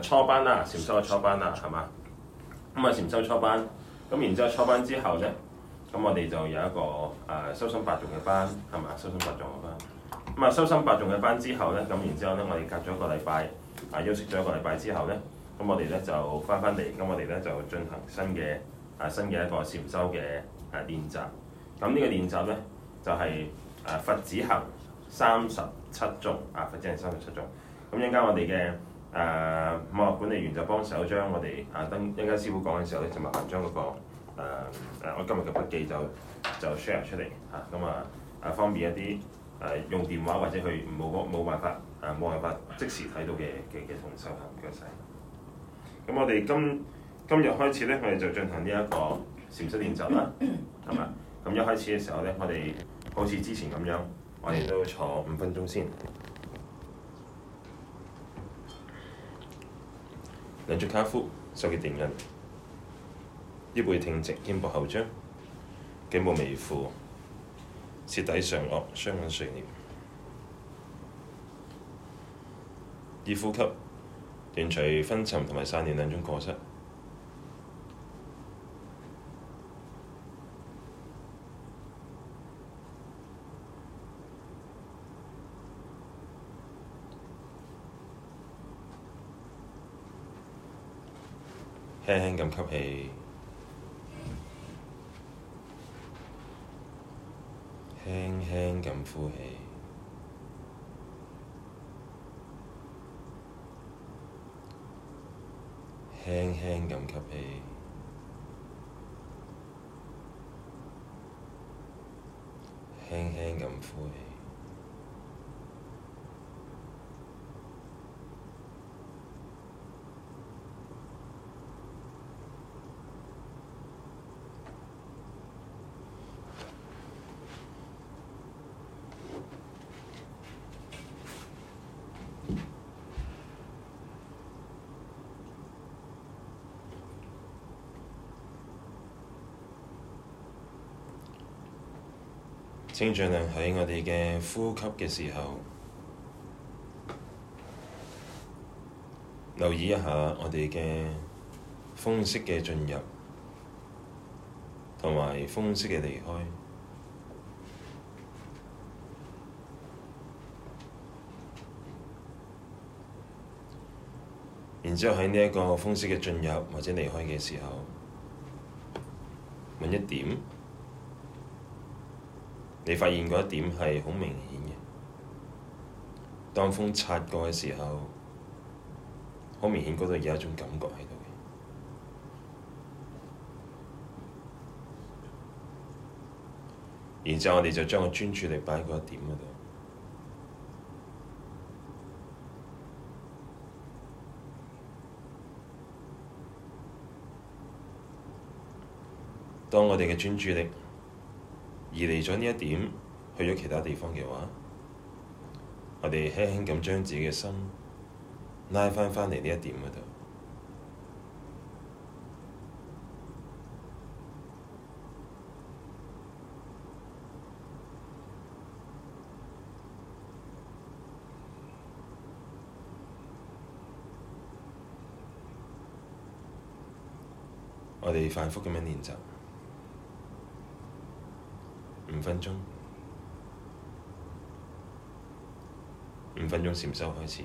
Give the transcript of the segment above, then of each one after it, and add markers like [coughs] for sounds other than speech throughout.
誒初班啦，禪修嘅初班啦，係嘛？咁、嗯、啊，禪修初班，咁然之後初班之後咧，咁我哋就有一個誒、呃、修心八頌嘅班，係嘛？修心八頌嘅班，咁、嗯、啊修心八頌嘅班之後咧，咁然之後咧，我哋隔咗一個禮拜啊、呃，休息咗一個禮拜之後咧，咁我哋咧就翻翻嚟，咁我哋咧就進行新嘅啊新嘅一個禪修嘅啊練習。咁呢個練習咧就係、是、誒、呃、佛子行三十七頌。啊，佛子行三十七頌。咁而家我哋嘅。誒，網絡、啊啊、管理員就幫手將我哋啊等陣間師傅講嘅時候咧，就麻煩將嗰個誒、啊、我今日嘅筆記就就 share 出嚟嚇，咁啊誒、啊啊、方便一啲誒、啊、用電話或者佢冇冇辦法誒冇辦法即時睇到嘅嘅嘅同修行腳仔。咁我哋今今日開始咧，我哋就進行呢一個小質練習啦，係咪？咁一開始嘅時候咧，我哋好似之前咁樣，我哋都坐五分鐘先。兩足跏趺，手結定印，腰背挺直，肩部後張，頸部微俯，舌抵上顎，雙眼垂斂，依呼吸，斷除昏沉同埋散亂兩種過失。輕輕咁吸氣，輕輕咁呼氣，輕輕咁吸氣，輕輕咁呼氣。請盡量喺我哋嘅呼吸嘅時候，留意一下我哋嘅風息嘅進入，同埋風息嘅離開。然之後喺呢一個風息嘅進入或者離開嘅時候，問一點。你發現嗰一點係好明顯嘅，當風擦過嘅時候，好明顯嗰度有一種感覺喺度。然之後我哋就將個專注力擺喺嗰一點嗰度。當我哋嘅專注力，而離咗呢一點，去咗其他地方嘅話，我哋輕輕咁將自己嘅心拉翻翻嚟呢一點嗰度。我哋反覆咁樣練習。五分鐘五分鐘禪修開始。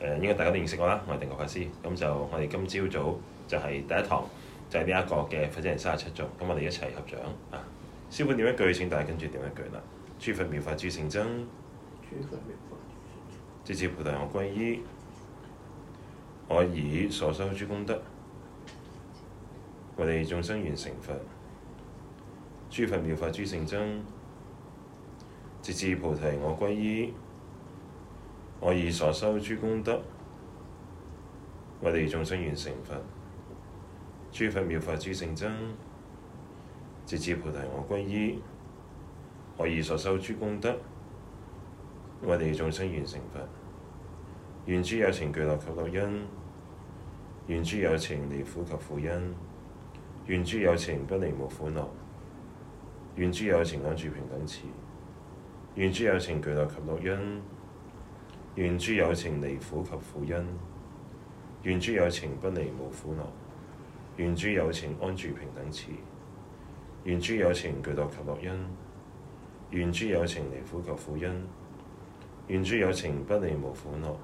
誒應該大家都認識我啦，我係定覺法師。咁就我哋今朝早，早就係第一堂，就係、是、呢一個嘅《佛子行》三十七頌。咁我哋一齊合掌啊！師傅念一句，請大家跟住念一句啦！諸佛妙法眾中尊，直至菩提我歸依，我以所修諸功德，為利眾生願成佛。諸佛妙法眾中尊，直至菩提我歸依。我以所修諸功德，為利眾生願成佛。諸佛妙法諸成真，直至菩提我歸依。我以所修諸功德，為利眾生願成佛。願諸有情具樂及樂因，願諸有情離苦及苦因，願諸有情不離無苦樂，願諸有情安住平等慈。願諸有情具樂及樂因。願諸有情離苦及苦因，願諸有情不離無苦樂，願諸有情安住平等慈，願諸有情具道及樂因。願諸有情離苦及苦因，願諸有情不離無苦樂，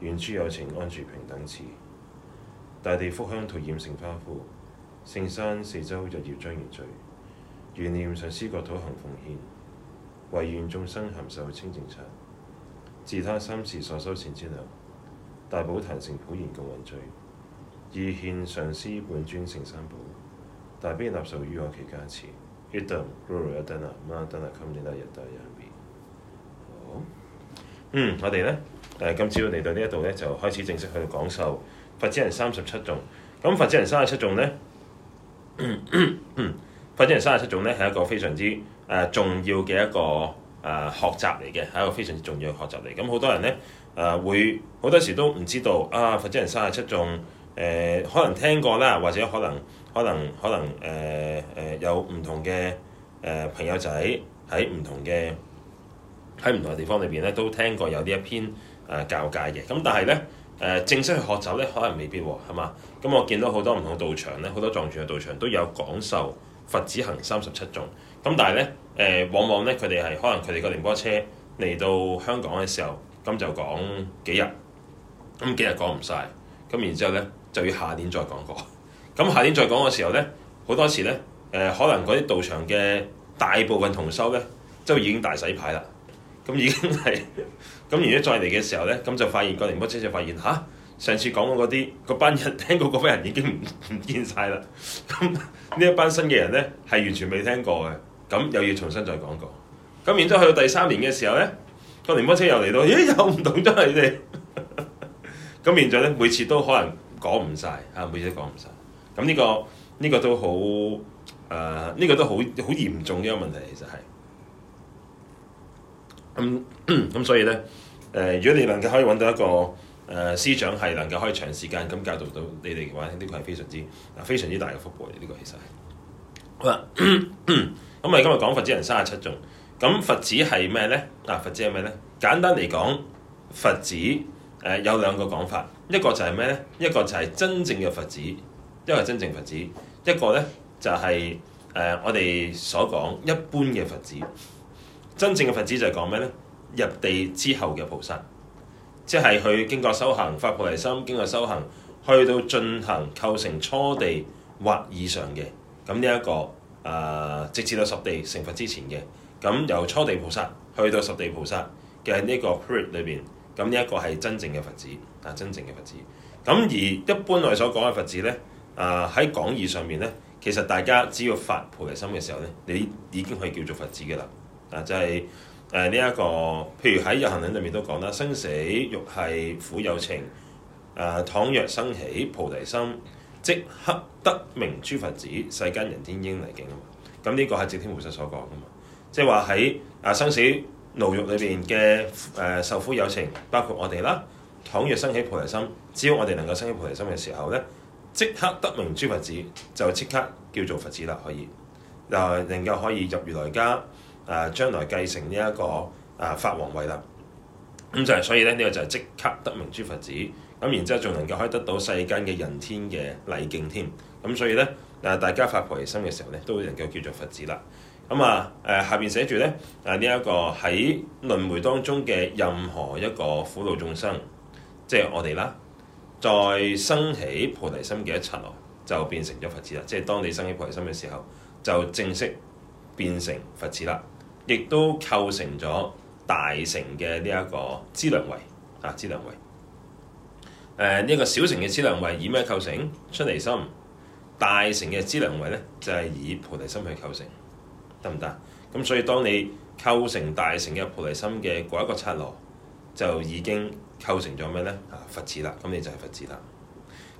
願諸有情安住平等慈。大地福香塗染成花富，聖山四周日夜將如聚，願念上思國土行奉獻，唯願眾生含受清淨茶。自他心事所修善之糧，大寶壇城普賢共雲聚，意獻上師本尊聖三寶，大悲納受於我其加持。嗯，我哋呢，但係今朝嚟到呢一度呢，就開始正式去講授佛子行三十七頌。咁佛子行三十七頌呢， [coughs] 佛子行三十七頌呢，係一個非常之誒、呃、重要嘅一個。誒、啊、學習嚟嘅係一個非常之重要嘅學習嚟。咁、嗯、好多人呢，誒、啊、會好多時都唔知道啊，佛子行三十七頌誒，可能聽過啦，或者可能可能可能誒誒、呃呃、有唔同嘅誒、呃呃呃、朋友仔喺唔同嘅喺唔同嘅地方裏邊咧都聽過有呢一篇誒、呃、教戒嘅，咁但係呢，誒、呃、正式去學習呢，可能未必喎、啊，係嘛？咁、嗯、我見到好多唔同嘅道場咧，好多藏傳嘅道場都有講授佛子行三十七頌。咁但係咧，誒、呃、往往咧，佢哋係可能佢哋個仁波切嚟到香港嘅時候，咁就講幾日，咁、嗯、幾日講唔晒。咁然之後咧就要下年再講過。咁下年再講嘅時候咧，好多時咧，誒、呃、可能嗰啲道場嘅大部分同修咧，都已經大洗牌啦，咁已經係，咁然之後再嚟嘅時候咧，咁就發現個仁波切就發現吓、啊、上次講過嗰啲個班人聽過嗰班人已經唔唔見晒啦，咁呢一班新嘅人咧係完全未聽過嘅。咁又要重新再講過，咁然之後去到第三年嘅時候咧，個仁波切又嚟到，咦又唔同咗係你哋，咁 [laughs] 然之後咧，每次都可能講唔晒，啊每次都講唔晒。咁、啊、呢、這個呢、這個都好誒，呢、呃、這個都好好嚴重，呢個問題其實係。咁咁、嗯嗯嗯、所以咧，誒、呃、如果你能夠可以揾到一個誒師長係能夠可以長時間咁教導到你哋嘅話，呢、這個係非常之啊非常之大嘅福報，呢個其實係。 [coughs] 咁我哋今日講佛子行三十七種，咁佛子係咩呢？嗱、啊，佛子係咩呢？簡單嚟講，佛子誒、呃、有兩個講法，一個就係咩呢？一個就係真正嘅佛子，一個係真正佛子，一個呢就係、是、誒、呃、我哋所講一般嘅佛子。真正嘅佛子就係講咩呢？「入地之後嘅菩薩，即係佢經過修行、發菩提心、經過修行，去到進行構成初地或以上嘅，咁呢一個。誒，直至到十地成佛之前嘅，咁由初地菩薩去到十地菩薩嘅呢個 period 裏邊，咁呢一個係真正嘅佛子。啊，真正嘅佛子。咁而一般我哋所講嘅佛子咧，啊，喺講義上面咧，其實大家只要發菩提心嘅時候咧，你已經可以叫做佛子嘅啦。啊，就係誒呢一個，譬如喺《入行論》上面都講啦，生死獄繫苦有情，誒，倘若生起菩提心。即刻得名諸佛子，世間人天應禮敬啊！咁呢個係寂天菩薩所講噶嘛？即係話喺啊生死牢獄裏邊嘅誒受苦有情，包括我哋啦。倘若生起菩提心，只要我哋能夠生起菩提心嘅時候咧，即刻得名諸佛子，就即刻叫做佛子啦，可以啊，能夠可以入如來家啊，將來繼承呢、這、一個啊法王位啦。咁就係所以咧，呢、這個就係即刻得名諸佛子。咁然之後仲能夠可以得到世間嘅人天嘅禮敬添，咁所以咧，誒大家發菩提心嘅時候咧，都能夠叫做佛子啦。咁、嗯、啊誒下邊寫住咧，誒呢一、啊這個喺輪迴當中嘅任何一個苦惱眾生，即係我哋啦，在生起菩提心嘅一剎，就變成咗佛子啦。即係當你生起菩提心嘅時候，就正式變成佛子啦，亦都構成咗大乘嘅呢一個資糧位啊，資糧位。誒呢一個小乘嘅資糧位以咩構成？出離心，大乘嘅資糧位咧就係、是、以菩提心去構成，得唔得？咁所以當你構成大乘嘅菩提心嘅嗰一個剎那，就已經構成咗咩咧？啊，佛子啦，咁你就係佛子啦。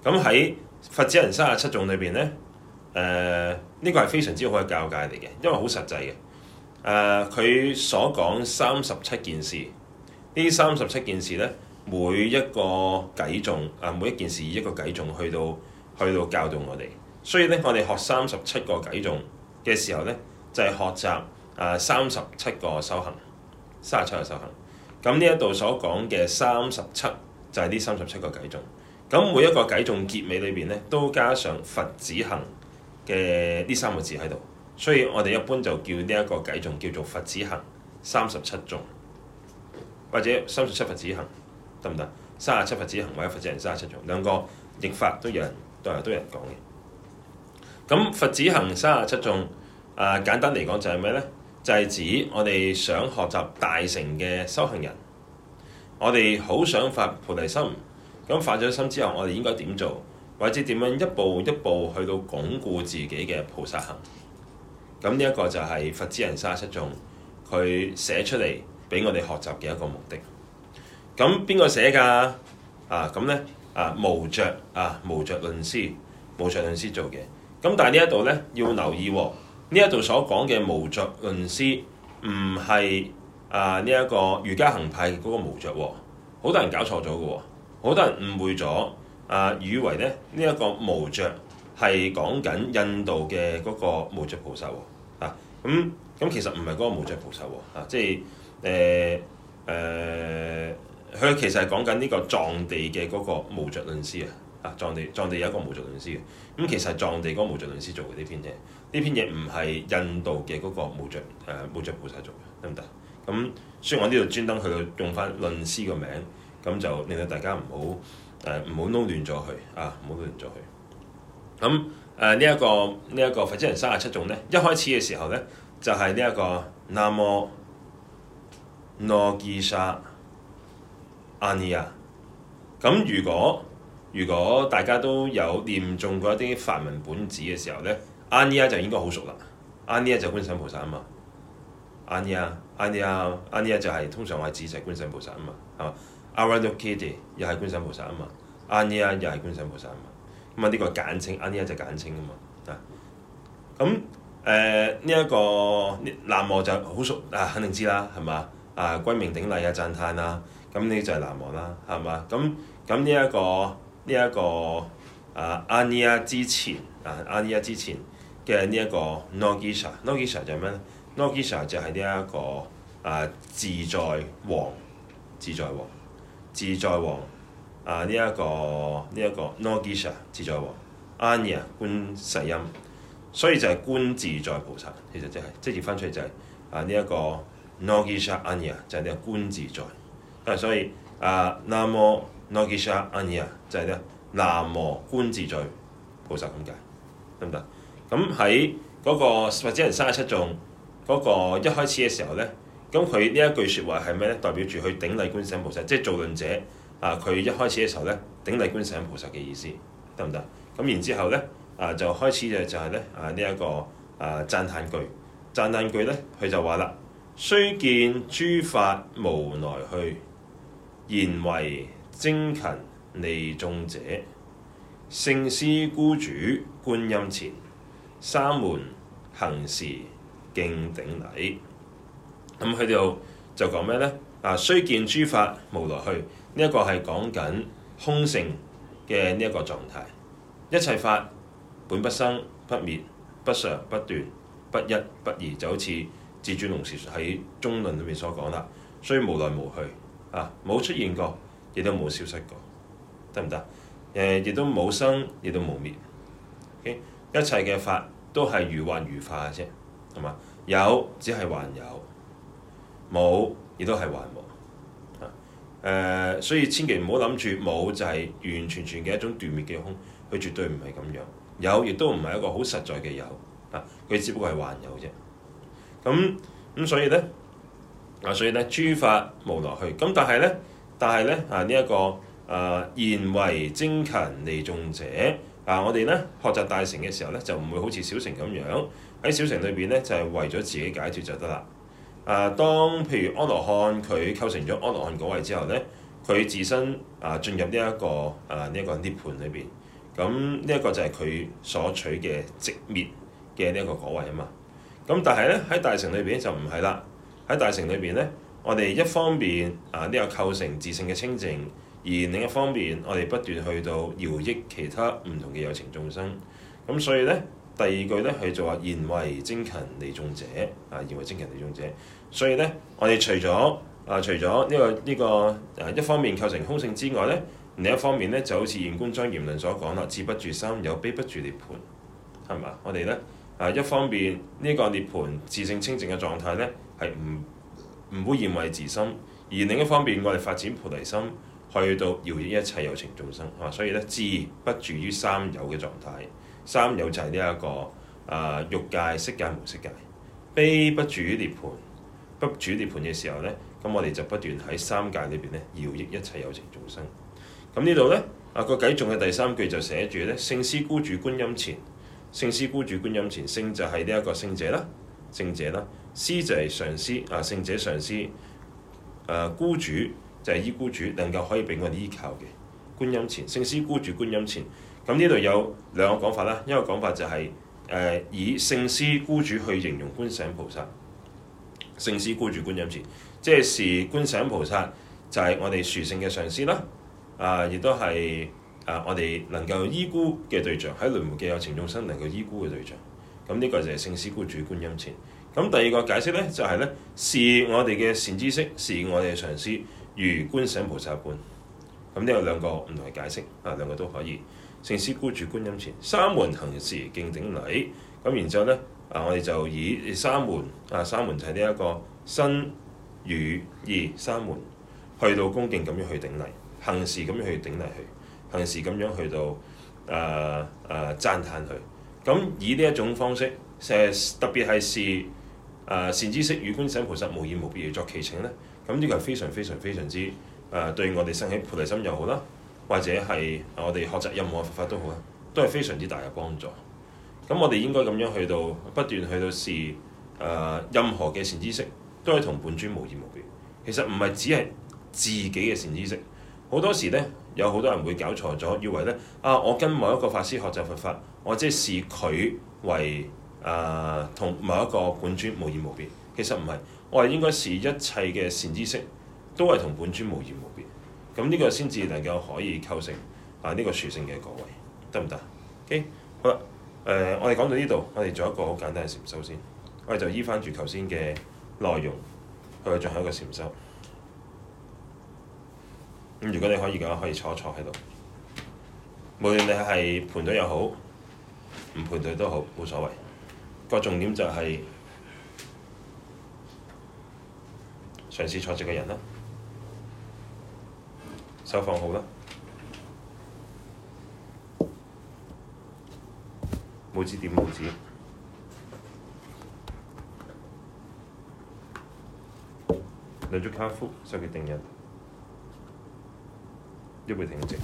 咁喺佛子行三十七頌裏邊咧，誒、呃、呢、這個係非常之好嘅教誡嚟嘅，因為好實際嘅。誒、呃、佢所講三十七件事，呢三十七件事咧。每一個偈頌啊，每一件事以一個偈頌去到去到教導我哋，所以咧，我哋學三十七個偈頌嘅時候咧，就係、是、學習啊三十七個修行三十七個修行。咁呢一度所講嘅三十七就係呢三十七個偈頌。咁每一個偈頌結尾裏邊咧，都加上佛子行嘅呢三個字喺度，所以我哋一般就叫呢一個偈頌叫做佛子行三十七頌，或者三十七佛子行。得唔得？三十七佛子行，或者佛子人三十七種，兩個譯法都有人，都有都有人講嘅。咁佛子行三十七種，誒、呃、簡單嚟講就係咩呢？就係、是、指我哋想學習大乘嘅修行人，我哋好想發菩提心，咁發咗心之後，我哋應該點做，或者點樣一步一步去到鞏固自己嘅菩薩行。咁呢一個就係佛子人三十七種，佢寫出嚟俾我哋學習嘅一個目的。咁邊個寫噶？啊咁咧啊無著啊無著論師無著論師做嘅。咁但係呢一度咧要留意喎、哦，呢一度所講嘅無著論師唔係啊呢一個瑜伽行派嗰個無著喎，好多人搞錯咗嘅喎，好多人誤會咗啊，以為咧呢一、這個無著係講緊印度嘅嗰個無著菩薩喎、哦。啊咁咁、啊啊嗯啊、其實唔係嗰個無著菩薩喎、哦。啊，啊即係誒誒。呃呃佢其實係講緊呢個藏地嘅嗰個無著論師啊，啊藏地藏地有一個無著論師嘅，咁其實係藏地嗰個無著論師做嘅啲篇嘢，呢篇嘢唔係印度嘅嗰個無著誒無著菩薩做嘅得唔得？咁所以我呢度專登去用翻論師個名，咁就令到大家唔好誒唔好撈亂咗佢啊，唔好撈亂咗佢。咁誒、呃這個這個、呢一個呢一個佛子行三十七頌咧，一開始嘅時候咧就係呢一個南無羅給夏。阿尼亞，咁、啊、如果如果大家都有念中過一啲梵文本子嘅時候咧，阿尼亞就應該好熟啦。阿尼亞就觀世菩薩啊嘛。阿尼亞，阿尼亞，阿尼亞就係通常我係指係觀世菩薩啊嘛，係嘛？阿 i d d y 又係觀世菩薩啊嘛。阿尼亞又係觀世菩薩啊嘛。咁啊呢個簡稱，阿尼亞就簡稱啊嘛。啊，咁誒呢一個南無就好熟啊，肯定知啦，係嘛？啊，君明鼎立啊，讚歎啊。咁呢就係南無啦，係嘛？咁咁呢一個呢一個啊、uh,，Anya 之前啊、uh,，Anya 之前嘅呢一個 Nogisha，Nogisha 就係咩？Nogisha 就係呢一個啊、uh, 自在王，自在王，自在王啊，呢一個呢一個 Nogisha 自在王，Anya 觀世音，所以就係觀自在菩薩，其實就係即係翻出嚟就係啊呢一個 Nogisha Anya 就係呢個觀自在。啊，所以啊，南無羅給夏阿哩雅啊，就係、是、咧，南無觀自在。菩薩咁解，得唔得？咁喺嗰個佛子行三十七頌，嗰、那個一開始嘅時候咧，咁佢呢一句説話係咩咧？代表住去頂禮觀世音菩薩，即係造論者啊，佢一開始嘅時候咧，頂禮觀世音菩薩嘅意思，得唔得？咁然之後咧，啊就開始就就係咧啊呢一、這個啊讚歎句，讚歎句咧，佢就話啦，雖見諸法無來去。」然唯精勤利眾者，勝師怙主觀音前，三門恆時敬頂禮。咁佢哋就講咩咧？啊，雖見諸法無來去，呢一個係講緊空性嘅呢一個狀態。一切法本，不生不滅、不常不斷、不一不異。就好似《至尊龍樹》喺《中論》裡面所講啦，雖無來無去。啊！冇出現過，亦都冇消失過，得唔得？誒、呃，亦都冇生，亦都冇滅。Okay? 一切嘅法都係如幻如化嘅啫，係嘛？有只係幻有，冇亦都係幻冇。誒、啊呃，所以千祈唔好諗住冇就係完完全全嘅一種斷滅嘅空，佢絕對唔係咁樣。有亦都唔係一個好實在嘅有，啊，佢只不過係幻有啫。咁、啊、咁所以咧。啊，所以咧，諸法無來去。咁但係咧，但係咧，啊呢一、這個啊，然唯精勤利眾者。啊，我哋咧學習大乘嘅時候咧，就唔會好似小乘咁樣，喺小乘裏邊咧，就係、是、為咗自己解決就得啦。啊，當譬如阿羅漢佢構成咗阿羅漢果位之後咧，佢自身啊進入呢、這、一個啊呢一、這個涅盤裏邊。咁呢一個就係佢所取嘅寂滅嘅呢一個果位啊嘛。咁、啊、但係咧喺大乘裏邊就唔係啦。喺大城裏邊咧，我哋一方面啊，都、這、有、個、構成自性嘅清靜；而另一方面，我哋不斷去到搖益其他唔同嘅有情眾生。咁所以咧，第二句咧佢就話：做言為精勤利眾者啊，言為精勤利眾者。所以咧，我哋除咗啊，除咗呢、這個呢、這個誒、啊，一方面構成空性之外咧，另一方面咧就好似圓官張言論所講啦，治不住心，有悲不住涅盤，係嘛？我哋咧啊，一方面呢、這個涅盤自性清靜嘅狀態咧。係唔唔會污染為自心，而另一方面，我哋發展菩提心，去到饒益一切有情眾生。啊，所以咧，智不住於三有嘅狀態，三有就係呢一個啊、呃、欲界、色界、無色界。悲不住於涅槃，不住涅槃嘅時候咧，咁我哋就不斷喺三界裏邊咧饒益一切有情眾生。咁呢度咧啊個偈頌嘅第三句就寫住咧，聖師怙主觀音前，聖師怙主觀音前，聖就係呢一個聖者啦，聖者啦。師就係上師，啊，聖者上師，誒、呃、怙主就係依怙主，能夠可以畀我哋依靠嘅。觀音前，勝師怙主觀音前，咁呢度有兩個講法啦。一個講法就係、是、誒、呃、以勝師怙主去形容觀想菩薩，勝師怙主觀音前，即係是，是觀想菩薩就係我哋殊勝嘅上師啦。啊、呃，亦都係啊、呃，我哋能夠依怙嘅對象，喺輪迴嘅有情眾生能夠依怙嘅對象。咁、嗯、呢、這個就係勝師怙主觀音前。咁第二個解釋咧就係、是、咧，是我哋嘅善知識，是我哋嘅上師，如觀世菩薩般。咁呢兩個唔同嘅解釋，啊，兩個都可以。勝師怙主觀音前，三門恆時敬頂禮。咁然之後咧，啊我哋就以三門，啊三門就係呢一個身語意三門，去到恭敬咁樣去頂禮，恆時咁樣去頂禮去，恆時咁樣去到，啊啊讚歎佢。咁、啊、以呢一種方式，誒特別係是。誒善知識與觀音菩薩無二無別而作祈請咧，咁呢個係非常非常非常之誒、呃、對我哋生起菩提心又好啦，或者係我哋學習任何佛法都好啊，都係非常之大嘅幫助。咁我哋應該咁樣去到不斷去到視誒、呃、任何嘅善知識，都係同本尊無二無別。其實唔係只係自己嘅善知識，好多時咧有好多人會搞錯咗，以為咧啊我跟某一個法師學習佛法，我即係視佢為。誒同、啊、某一個本尊無二無別，其實唔係，我係應該是一切嘅善知識都係同本尊無二無別，咁呢個先至能夠可以構成啊呢、呢個殊勝嘅各位，得唔得？OK，好啦，誒、呃、我哋講到呢度，我哋做一個好簡單嘅禪修先，我哋就依翻住頭先嘅內容去進行一個禪修。咁如果你可以嘅，可以坐一坐喺度，無論你係盤腿又好，唔盤腿都好，冇所謂。個重點就係、是、嘗試坐直嘅人啦，收放好啦，拇指點拇指，兩張卡夫，一會定日，一會停直，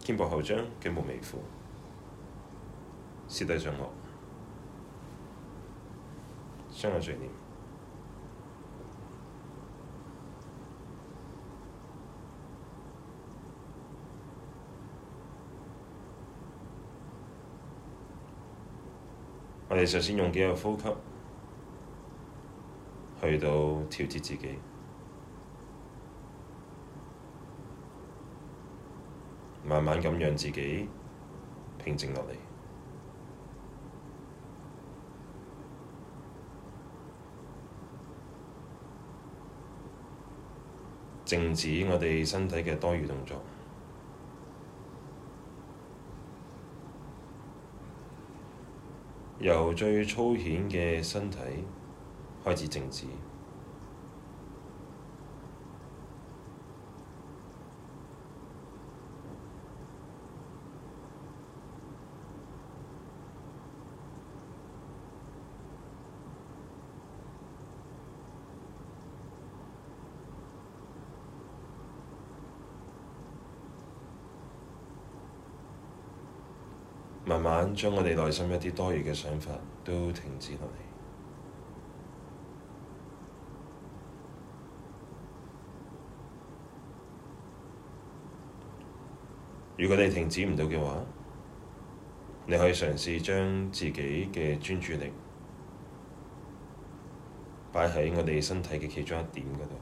肩膊後張，肩膊微扶，舌抵上落。我哋首先用幾個呼吸去到調節自己，慢慢咁讓自己平靜落嚟。靜止我哋身體嘅多餘動作，由最粗顯嘅身體開始靜止。慢慢將我哋內心一啲多餘嘅想法都停止落嚟。如果你停止唔到嘅話，你可以嘗試將自己嘅專注力擺喺我哋身體嘅其中一點嗰度，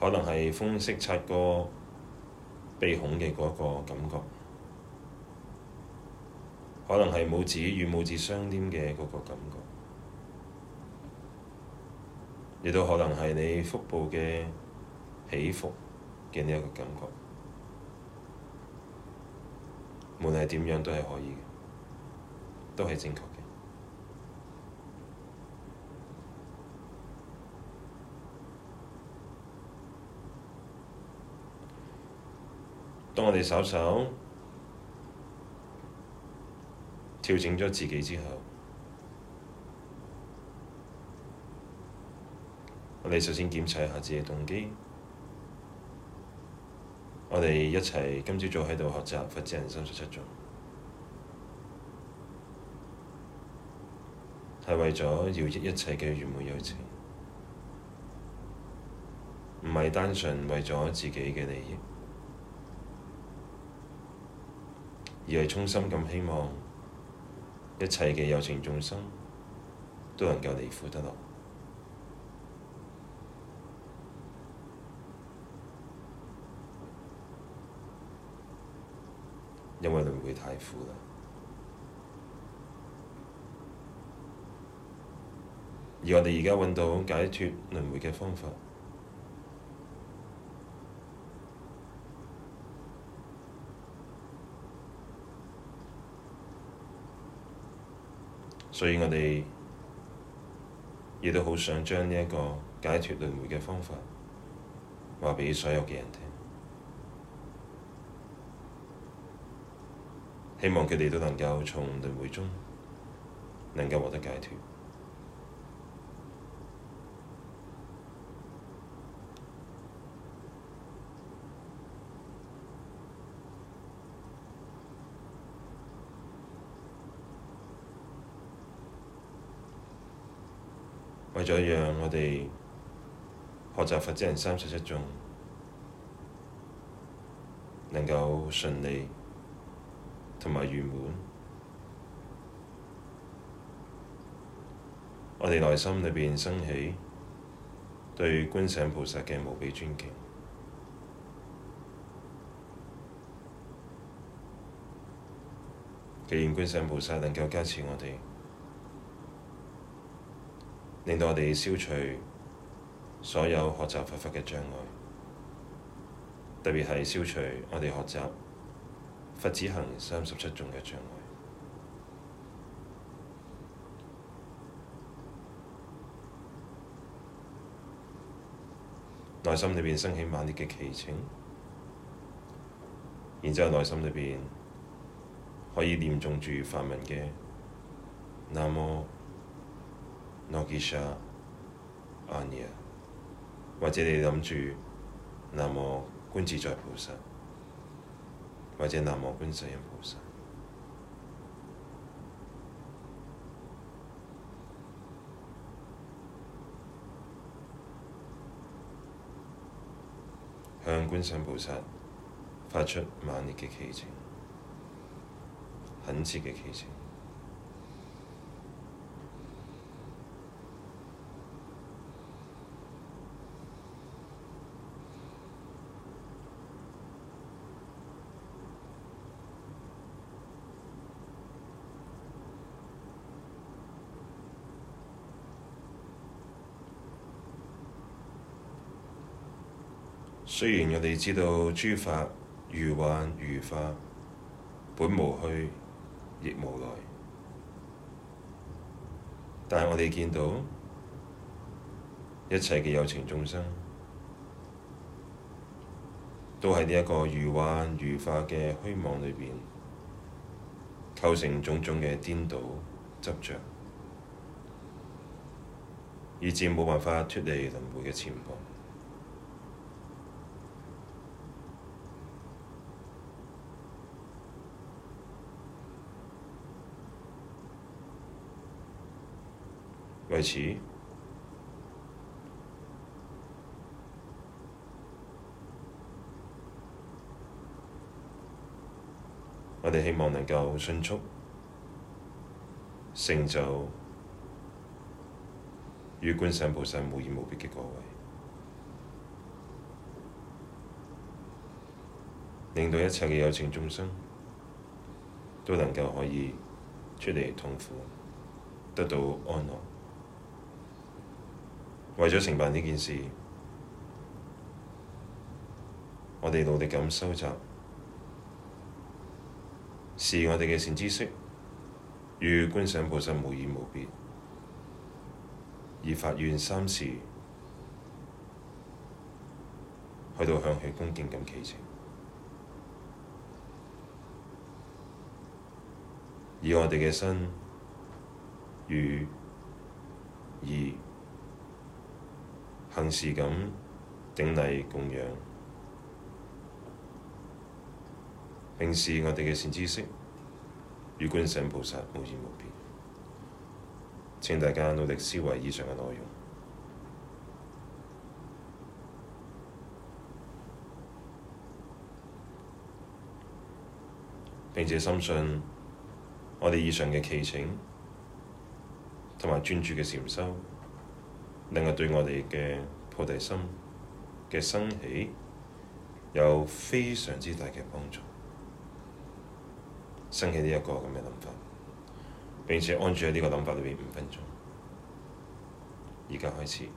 可能係風息擦過鼻孔嘅嗰個感覺，可能係拇指與拇指相連嘅嗰個感覺，亦都可能係你腹部嘅起伏嘅呢一個感覺。無論係點樣都係可以嘅，都係正確。當我哋稍稍調整咗自己之後，我哋首先檢查一下自己嘅動機。我哋一齊今朝早喺度學習《佛子行三十七頌》，係為咗要利益一切嘅圓滿有情，唔係單純為咗自己嘅利益。而係衷心咁希望，一切嘅有情眾生都能夠離苦得樂，因為輪迴太苦啦。而我哋而家搵到解脫輪迴嘅方法。所以我哋亦都好想將呢一個解脱輪迴嘅方法話畀所有嘅人聽，希望佢哋都能夠從輪迴中能夠獲得解脱。再讓我哋學習佛子行三十七頌，能夠順利同埋圓滿。我哋內心裏邊升起對觀世音菩薩嘅無比尊敬。既然觀世音菩薩能夠加持我哋，令到我哋消除所有學習佛法嘅障礙，特別係消除我哋學習佛子行三十七頌嘅障礙。內心裏邊升起猛烈嘅奇情，然之後內心裏邊可以念誦住梵文嘅南無。那麼羅給夏、阿哩雅，或者你諗住南無觀自在菩薩，或者南無觀世音菩薩，向觀世音菩薩發出猛烈嘅祈請，懇切嘅祈請。雖然我哋知道諸法如幻如化，本無去亦無來，但係我哋見到一切嘅有情眾生，都喺呢一個如幻如化嘅虛妄裏邊，構成種種嘅顛倒執着，以致冇辦法脫離輪迴嘅前況。為此，我哋希望能夠迅速成就與觀世音菩薩無二無別嘅果位，令到一切嘅有情眾生都能夠可以出離痛苦，得到安樂。為咗承辦呢件事，我哋努力咁收集，視我哋嘅善知識，與觀想菩薩無異無別，以法願三時，去到向佢恭敬咁祈請，以我哋嘅身、語、意。恆時咁頂禮供養，並視我哋嘅善知識與觀世音菩薩無二無別。請大家努力思維以上嘅內容，並且深信我哋以上嘅祈請同埋專注嘅禪修。另外對我哋嘅菩提心嘅生起有非常之大嘅幫助，生起呢、這、一個咁嘅諗法，並且安住喺呢個諗法裏邊五分鐘，而家開始。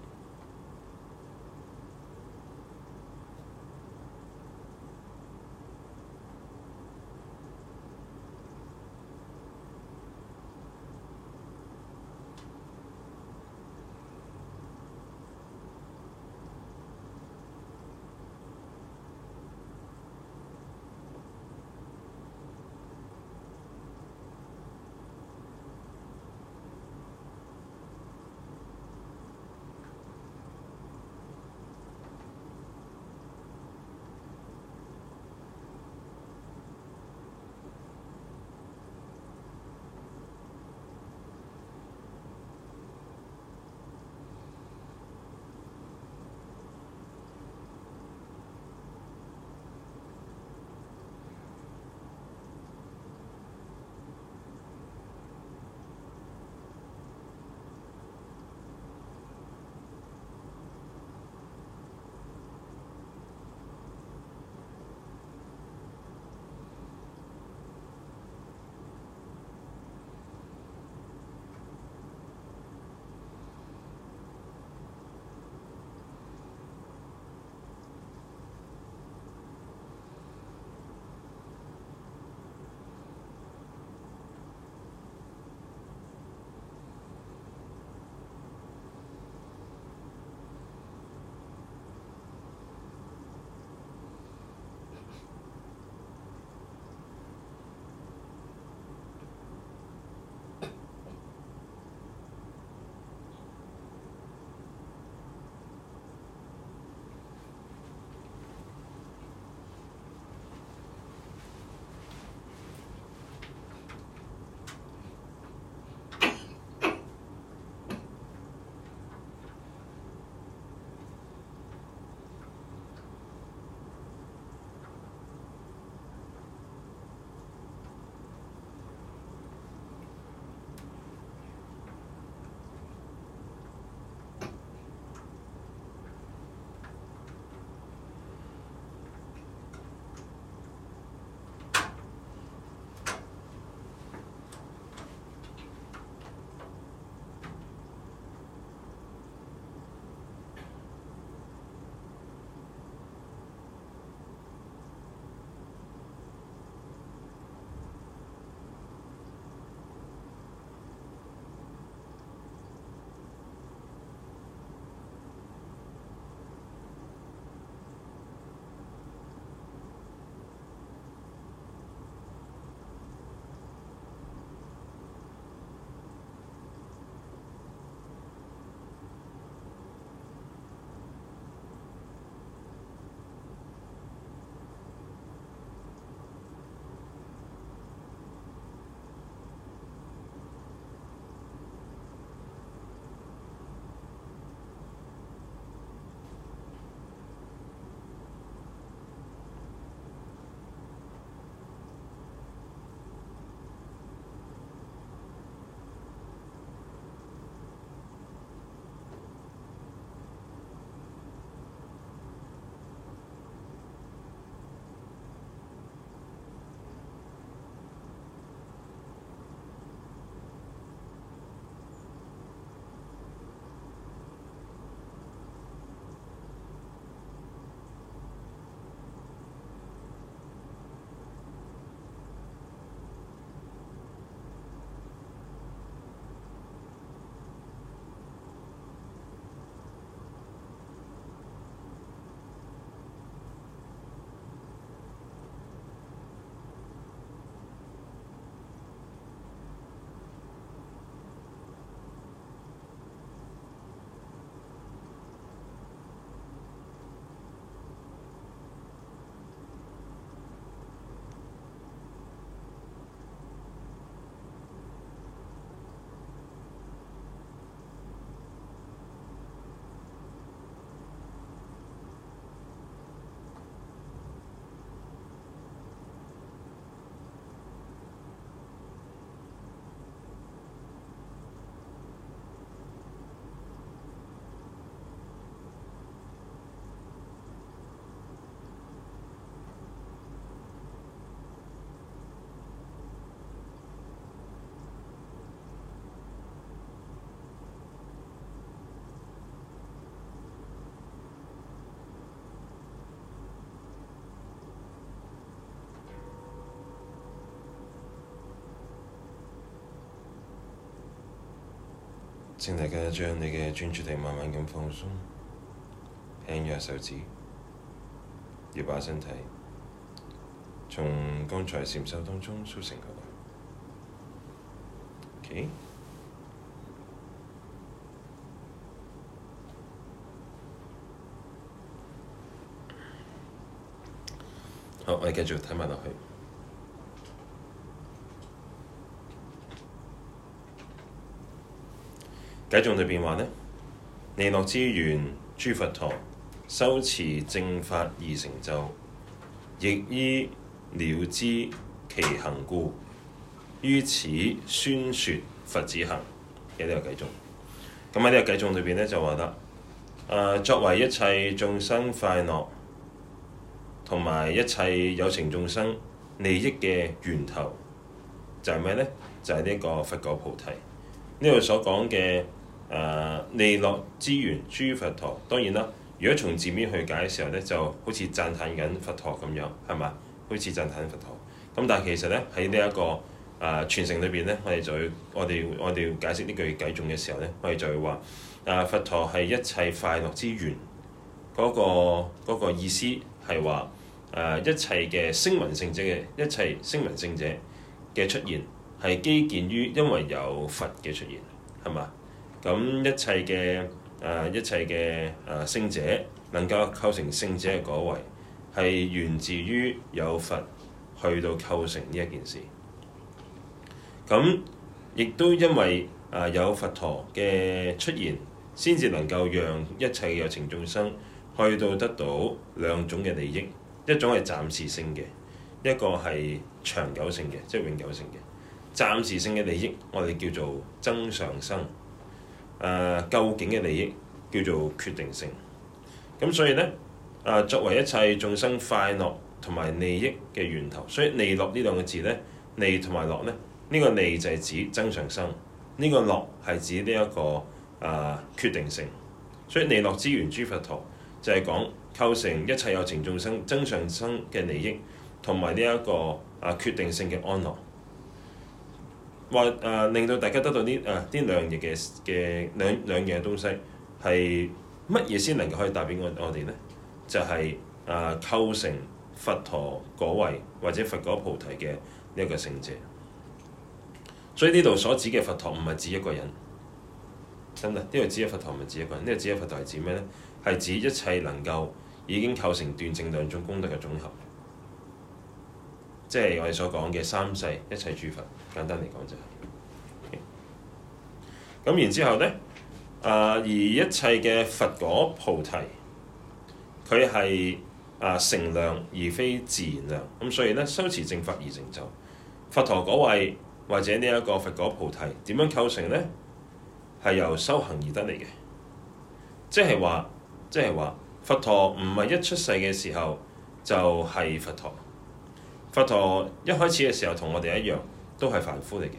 請大家將你嘅專注力慢慢咁放鬆，輕弱手指，要把身體，從剛才閃手當中甦醒佢。OK，好，我哋繼續睇埋落去。偈頌裏邊話呢，利樂之源，諸佛陀修持正法而成就，亦依了知其行故，於此宣說佛子行。嘅呢個偈頌，咁喺呢個偈頌裏邊呢，就話啦，誒、啊、作為一切眾生快樂，同埋一切有情眾生利益嘅源頭，就係、是、咩呢？就係、是、呢個佛果菩提。呢度所講嘅。啊、利樂之源，諸佛陀。當然啦。如果從字面去解嘅時候咧，就好似讚歎緊佛陀咁樣，係嘛？好似讚歎佛陀。咁但係其實咧喺呢一、這個誒傳承裏邊咧，我哋就會我哋我哋解釋呢句偈頌嘅時候咧，我哋就會話誒佛陀係一切快樂之源。嗰、那個那個意思係話誒一切嘅聲聞聖者嘅一切聲聞聖者嘅出現係基建於因為有佛嘅出現，係嘛？咁一切嘅誒，一切嘅誒，啊啊、者聖者能夠構成聖者嘅果位，係源自於有佛去到構成呢一件事。咁、啊、亦都因為誒、啊、有佛陀嘅出現，先至能夠讓一切有情眾生去到得到兩種嘅利益，一種係暫時性嘅，一個係長久性嘅，即係永久性嘅。暫時性嘅利益，我哋叫做增上生。啊、究竟嘅利益叫做決定性，咁所以呢、啊，作為一切眾生快樂同埋利益嘅源頭，所以利樂呢兩個字呢，「利同埋樂呢，呢、這個利就係、是、指增上生，呢、這個樂係指呢、這、一個誒、啊、決定性，所以利樂之源諸佛陀就係、是、講構成一切有情眾生增上生嘅利益同埋呢一個誒、啊、決定性嘅安樂。話令到大家得到呢誒啲兩樣嘅嘅兩兩樣東西係乜嘢先能夠可以帶畀我哋呢？就係、是、誒、呃、構成佛陀果位或者佛果菩提嘅呢一個聖者。所以呢度所指嘅佛陀唔係指一個人，真㗎。呢度指嘅佛陀唔係指一個人，呢、這、度、個、指嘅佛陀係指咩呢？係指一切能夠已經構成斷證兩種功德嘅總合，即係我哋所講嘅三世一切諸佛。簡單嚟講就係咁，okay? 然之後咧，啊而一切嘅佛果菩提，佢係啊成量而非自然量，咁所以咧修持正法而成就佛陀果位，或者呢一個佛果菩提點樣構成咧？係由修行而得嚟嘅，即係話即係話佛陀唔係一出世嘅時候就係、是、佛陀，佛陀一開始嘅時候同我哋一樣。都係凡夫嚟嘅，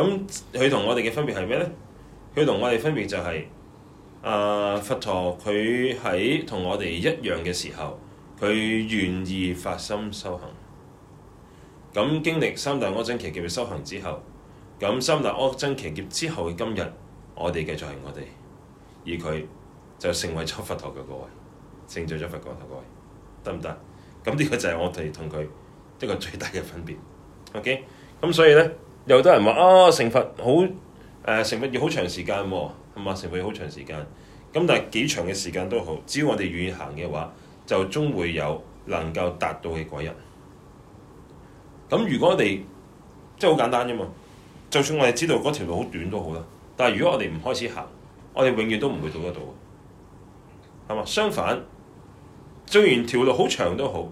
咁佢同我哋嘅分別係咩咧？佢同我哋分別就係、是、阿、啊、佛陀，佢喺同我哋一樣嘅時候，佢願意發心修行。咁經歷三大阿僧祇劫嘅修行之後，咁三大阿僧祇劫之後嘅今日，我哋繼續係我哋，而佢就成為咗佛陀嘅各位，成就咗佛國嘅各位，得唔得？咁呢個就係我哋同佢一個最大嘅分別。O.K. 咁所以咧，又有多人話啊，成佛好誒，成、呃、佛要好長時間喎、啊，係嘛？成佛要好長時間。咁但係幾長嘅時間都好，只要我哋願意行嘅話，就終會有能夠達到嘅嗰日。咁如果我哋即係好簡單啫嘛，就算我哋知道嗰條路好短都好啦。但係如果我哋唔開始行，我哋永遠都唔會到得到嘅，係嘛？相反，雖然條路好長都好，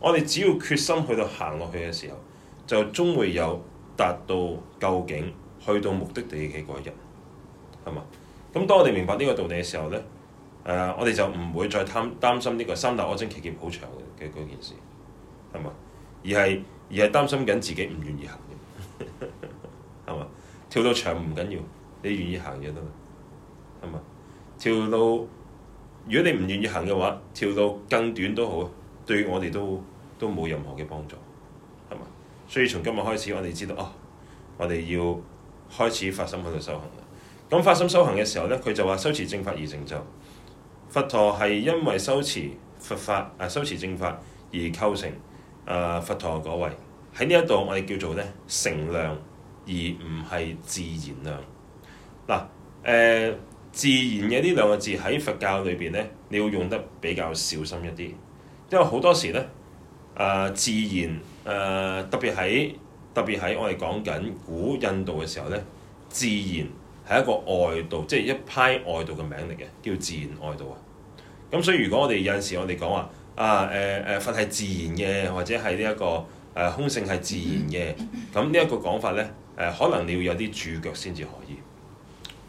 我哋只要決心去到行落去嘅時候，就終會有達到究竟去到目的地嘅嗰一日，係嘛？咁當我哋明白呢個道理嘅時候咧，誒、呃，我哋就唔會再擔擔心呢個三大阿僧祇劫好長嘅嗰件事，係嘛？而係而係擔心緊自己唔願意行嘅，係 [laughs] 嘛？跳到長唔緊要，你願意行嘅得啦，係嘛？跳到如果你唔願意行嘅話，跳到更短都好，對我哋都都冇任何嘅幫助。所以從今日開始，我哋知道哦，我哋要開始發心去修行啦。咁發心修行嘅時候咧，佢就話修持正法而成就佛陀，係因為修持佛法啊修持正法而構成啊、呃、佛陀果位。喺呢一度我哋叫做咧成量，而唔係自然量。嗱、啊、誒、呃，自然嘅呢兩個字喺佛教裏邊咧，你要用得比較小心一啲，因為好多時咧啊、呃、自然。誒、呃、特別喺特別喺我哋講緊古印度嘅時候咧，自然係一個外道，即係一派外道嘅名嚟嘅，叫自然外道啊。咁所以如果我哋有陣時我哋講話啊誒誒，佛、呃、係自然嘅，或者係呢一個誒、呃、空性係自然嘅，咁呢一個講法咧誒，可能你要有啲注腳先至可以。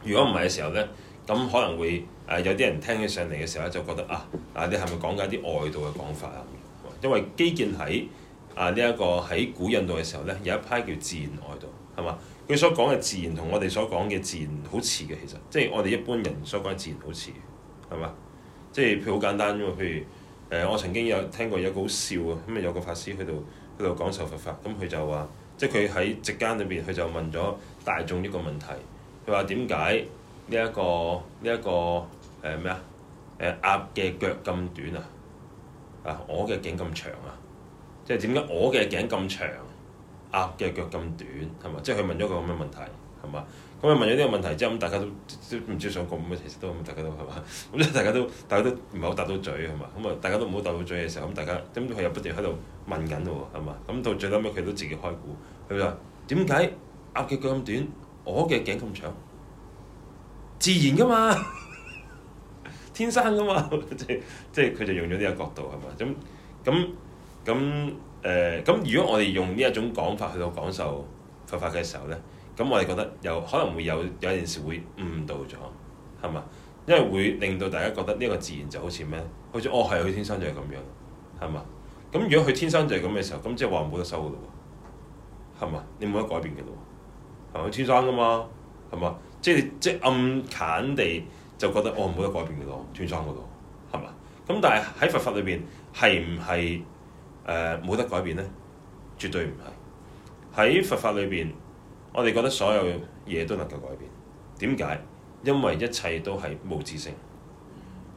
如果唔係嘅時候咧，咁可能會誒、呃、有啲人聽起上嚟嘅時候咧，就覺得啊啊，你係咪講緊啲外道嘅講法啊？因為基建喺。啊！呢、這、一個喺古印度嘅時候咧，有一批叫自然外道，係嘛？佢所講嘅自然同我哋所講嘅自然好似嘅，其實即係我哋一般人所講嘅自然好似嘅，係嘛？即係譬如好簡單啫喎，譬如誒、呃，我曾經有聽過有個好笑啊，咁啊有個法師喺度去度講授佛法，咁佢就話，即係佢喺席間裏邊，佢就問咗大眾一個問題，佢話點解呢一個呢一、這個誒咩啊？誒鴨嘅腳咁短啊！啊、呃，我嘅頸咁長啊！即係點解我嘅頸咁長，鴨嘅腳咁短係嘛？即係佢問咗個咁嘅問題係嘛？咁佢問咗呢個問題之後，咁大家都都唔知想講咩，其實都咁大家都係嘛？咁即係大家都大家都唔係好答到嘴係嘛？咁啊大家都唔好答到嘴嘅時候咁大家咁佢又不斷喺度問緊喎係嘛？咁到最尾尾佢都自己開估，佢就話點解鴨嘅腳咁短，我嘅頸咁長？自然㗎嘛， [laughs] 天生㗎的嘛， [laughs] 即係即係佢就用咗呢個角度係嘛？咁咁。咁誒咁，呃、如果我哋用呢一種講法去到講授佛法嘅時候咧，咁我哋覺得有可能會有有陣時會誤導咗，係嘛？因為會令到大家覺得呢個自然就好似咩？好似哦係佢天生就係咁樣，係嘛？咁如果佢天生就係咁嘅時候，咁即係話冇得修嘅咯，係嘛？你冇得改變嘅咯，係咪天生㗎嘛？係嘛？即係即係暗揀地就覺得哦冇得改變嘅咯，天生嘅咯，係嘛？咁但係喺佛法裏邊係唔係？是誒冇、呃、得改變咧？絕對唔係。喺佛法裏邊，我哋覺得所有嘢都能夠改變。點解？因為一切都係無自性，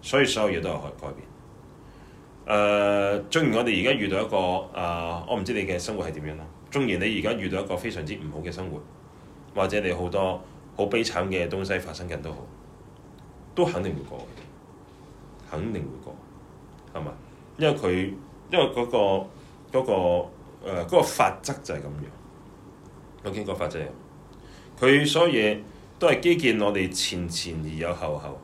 所以所有嘢都係可以改變。誒、呃，縱然我哋而家遇到一個啊、呃，我唔知你嘅生活係點樣啦。縱然你而家遇到一個非常之唔好嘅生活，或者你好多好悲慘嘅東西發生緊都好，都肯定會過，肯定會過，係嘛？因為佢。因為嗰、那個嗰、那個呃那個法則就係咁樣，我見、okay, 個法則，佢所有嘢都係基建，我哋前前而有後後，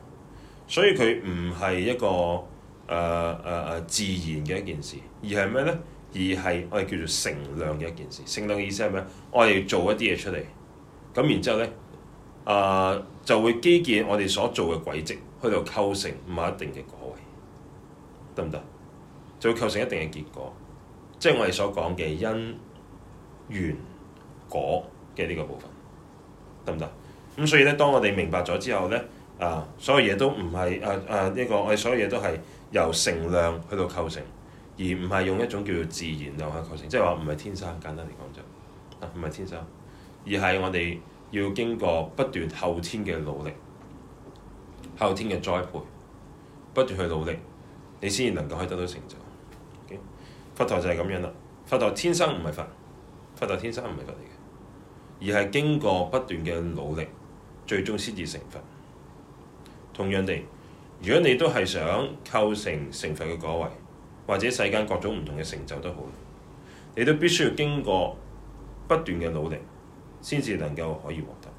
所以佢唔係一個誒誒誒自然嘅一件事，而係咩咧？而係我哋叫做成量嘅一件事。成量嘅意思係咩？我哋做一啲嘢出嚟，咁然之後咧，誒、呃、就會基建我哋所做嘅軌跡去到構成唔某一定嘅果位，得唔得？就會構成一定嘅結果，即係我哋所講嘅因緣果嘅呢個部分，得唔得？咁所以咧，當我哋明白咗之後咧，啊，所有嘢都唔係啊啊呢個，我哋所有嘢都係由成量去到構成，而唔係用一種叫做自然量去構成，構成即係話唔係天生簡單嚟講就，啊唔係天生，而係我哋要經過不斷後天嘅努力、後天嘅栽培，不斷去努力，你先至能夠可以得到成就。佛陀就係咁樣啦，佛陀天生唔係佛，佛陀天生唔係佛嚟嘅，而係經過不斷嘅努力，最終先至成佛。同樣地，如果你都係想構成成佛嘅果位，或者世間各種唔同嘅成就都好，你都必須要經過不斷嘅努力，先至能夠可以獲得。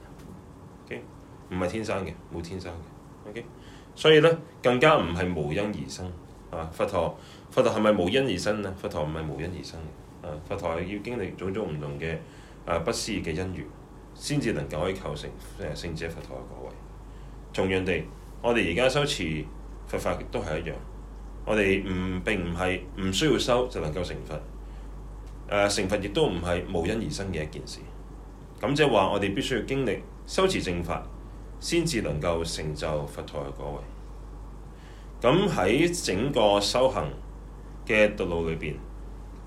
O.K.，唔係天生嘅，冇天生嘅。O.K.，所以咧，更加唔係無因而生，啊佛陀。佛陀係咪無因而生呢？佛陀唔係無因而生嘅、啊，佛陀係要經歷種種唔同嘅、啊、不思議嘅因緣，先至能夠可以構成誒聖者佛陀嘅果位。同樣地，我哋而家修持佛法都係一樣，我哋唔並唔係唔需要修就能夠成佛，誒、啊、成佛亦都唔係無因而生嘅一件事。咁即係話，我哋必須要經歷修持正法，先至能夠成就佛陀嘅果位。咁喺整個修行，嘅道路裏邊，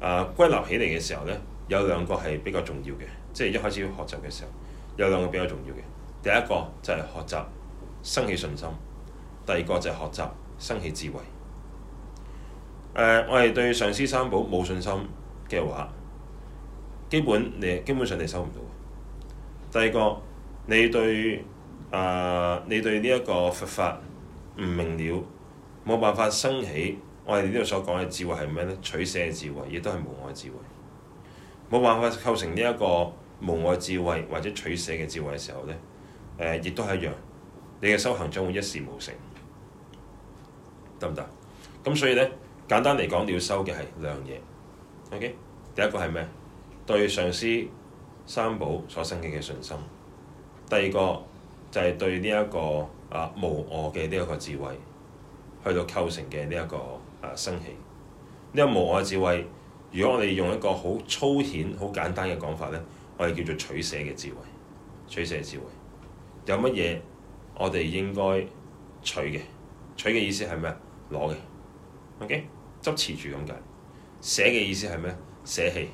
啊、呃，歸納起嚟嘅時候呢，有兩個係比較重要嘅，即係一開始學習嘅時候，有兩個比較重要嘅。第一個就係學習生起信心，第二個就係學習生起智慧。呃、我哋對上師三寶冇信心嘅話，基本你基本上你收唔到。第二個，你對啊、呃，你對呢一個佛法唔明了，冇辦法生起。我哋呢度所講嘅智慧係咩咧？取捨嘅智慧，亦都係無我智慧。冇辦法構成呢一個無我智慧或者取捨嘅智慧嘅時候咧，誒、呃，亦都係一樣，你嘅修行將會一事無成，得唔得？咁所以咧，簡單嚟講，你要修嘅係兩樣嘢。O.K. 第一個係咩？對上師、三寶所生起嘅信心。第二個就係、是、對呢、這、一個啊無我嘅呢一個智慧，去到構成嘅呢一個。啊！生氣呢個無我智慧。如果我哋用一個好粗淺、好簡單嘅講法咧，我哋叫做取捨嘅智慧。取捨嘅智慧有乜嘢？我哋應該取嘅，取嘅意思係咩啊？攞嘅。OK，執持住咁解。捨嘅意思係咩？捨棄，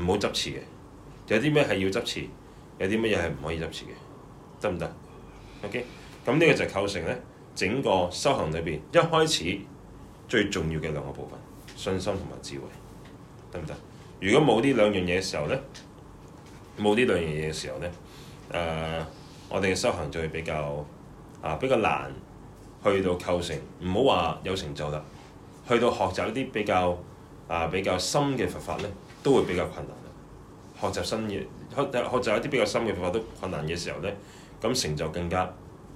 唔好執持嘅。有啲咩係要執持？有啲乜嘢係唔可以執持嘅？得唔得？O K，咁呢個就構成咧整個修行裏邊一開始。最重要嘅兩個部分，信心同埋智慧，得唔得？如果冇呢兩樣嘢嘅時候咧，冇呢兩樣嘢嘅時候咧，誒、呃，我哋嘅修行就會比較啊比較難去到構成，唔好話有成就啦。去到學習一啲比較啊比較深嘅佛法咧，都會比較困難啦。學習新嘢，學學習一啲比較深嘅佛法都困難嘅時候咧，咁成就更加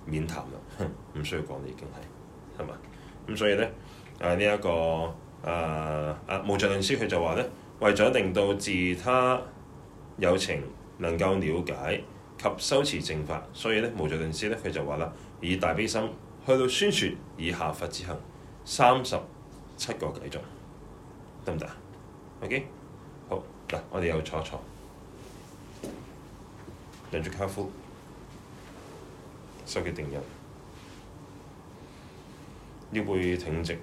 免談啦，哼，唔需要講啦，已經係係嘛，咁，所以咧。啊！呢、這、一個啊啊無著論師佢就話咧，為咗令到自他有情能夠了解及修持正法，所以咧無著論師咧佢就話啦，以大悲心去到宣傳以下佛子行，三十七個偈頌，得唔得啊？OK，好嗱，我哋又坐一坐，兩隻卡夫，收腳定入，腰背挺直。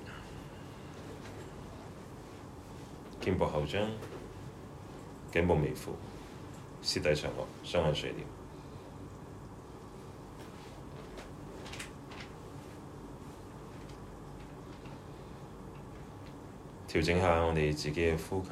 肩膊後張，頸部微負，舌抵上落，雙眼垂簾，調整下我哋自己嘅呼吸。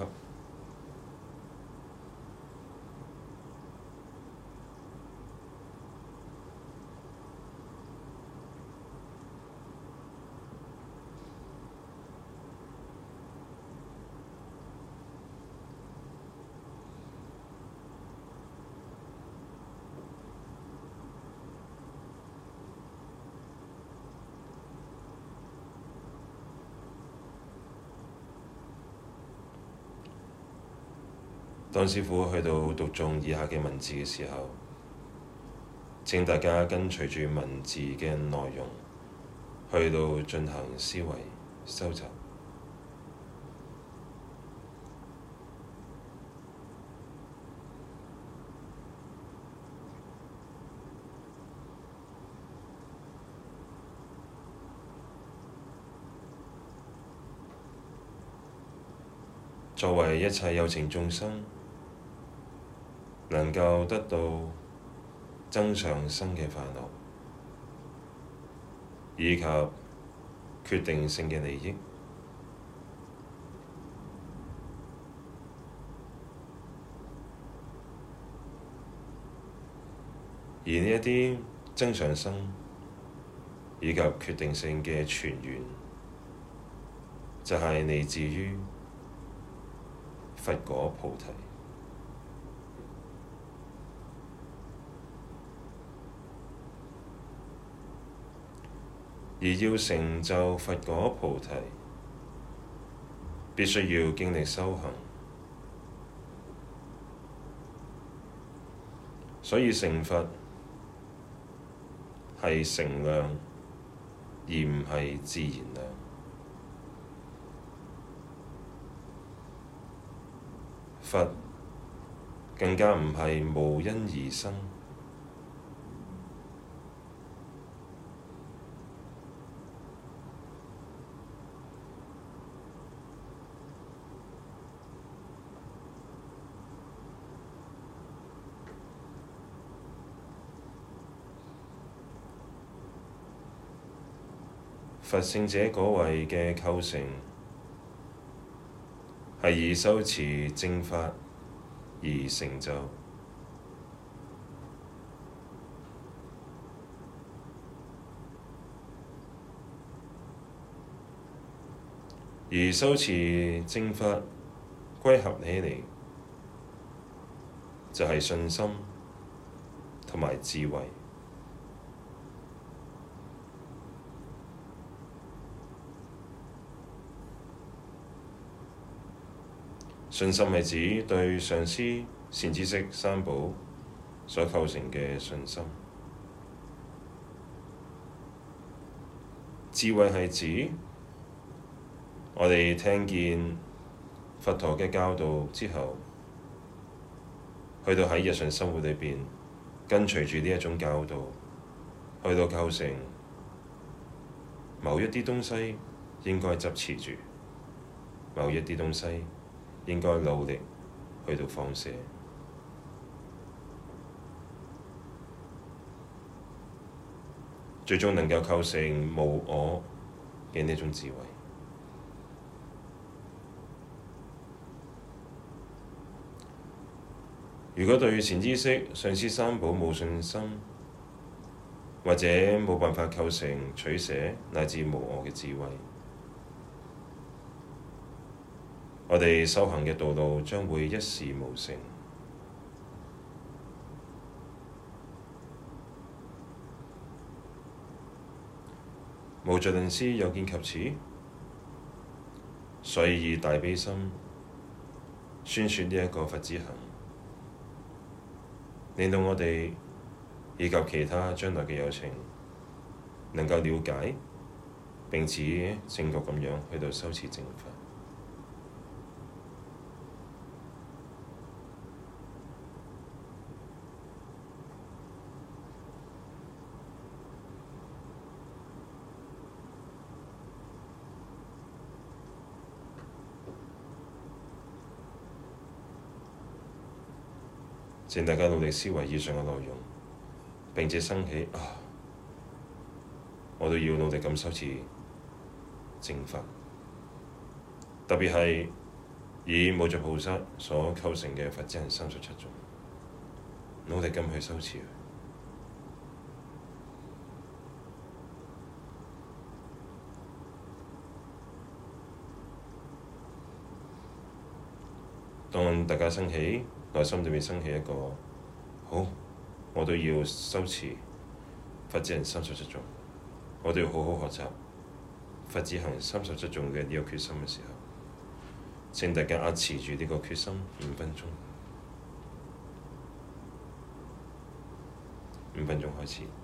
當師傅去到讀誦以下嘅文字嘅時候，請大家跟隨住文字嘅內容去到進行思維收集。作為一切有情眾生，能夠得到增上生嘅快樂，以及決定性嘅利益，而呢一啲增上生以及決定性嘅泉源，就係嚟自於佛果菩提。而要成就佛果菩提，必須要經歷修行，所以成佛係成量，而唔係自然量。佛更加唔係無因而生。佛性者嗰位嘅構成係以修持正法而成就，而修持正法歸納起嚟就係、是、信心同埋智慧。信心係指對上師善知識三寶所構成嘅信心，智慧係指我哋聽見佛陀嘅教導之後，去到喺日常生活裏邊跟隨住呢一種教導，去到構成某一啲東西應該係執持住，某一啲東西。應該努力去到放射，最終能夠構成無我嘅呢種智慧。如果對前知識、上師三寶冇信心，或者冇辦法構成取捨乃至無我嘅智慧，我哋修行嘅道路將會一事無成，無著論師有見及此，所以以大悲心宣説呢一個佛子行，令到我哋以及其他將來嘅有情能夠了解，並且正確咁樣去到修持正法。請大家努力思維以上嘅內容，並且生起啊！我都要努力咁修持正法，特別係以無著菩薩所構成嘅佛子行三十七頌，努力咁去修持。當大家生起。內心裏面升起一個，好，我都要修持，佛子行三十七種，我都要好好學習，佛子行三十七種嘅有決心嘅時候，請大家壓持住呢個決心五分鐘，五分鐘開始。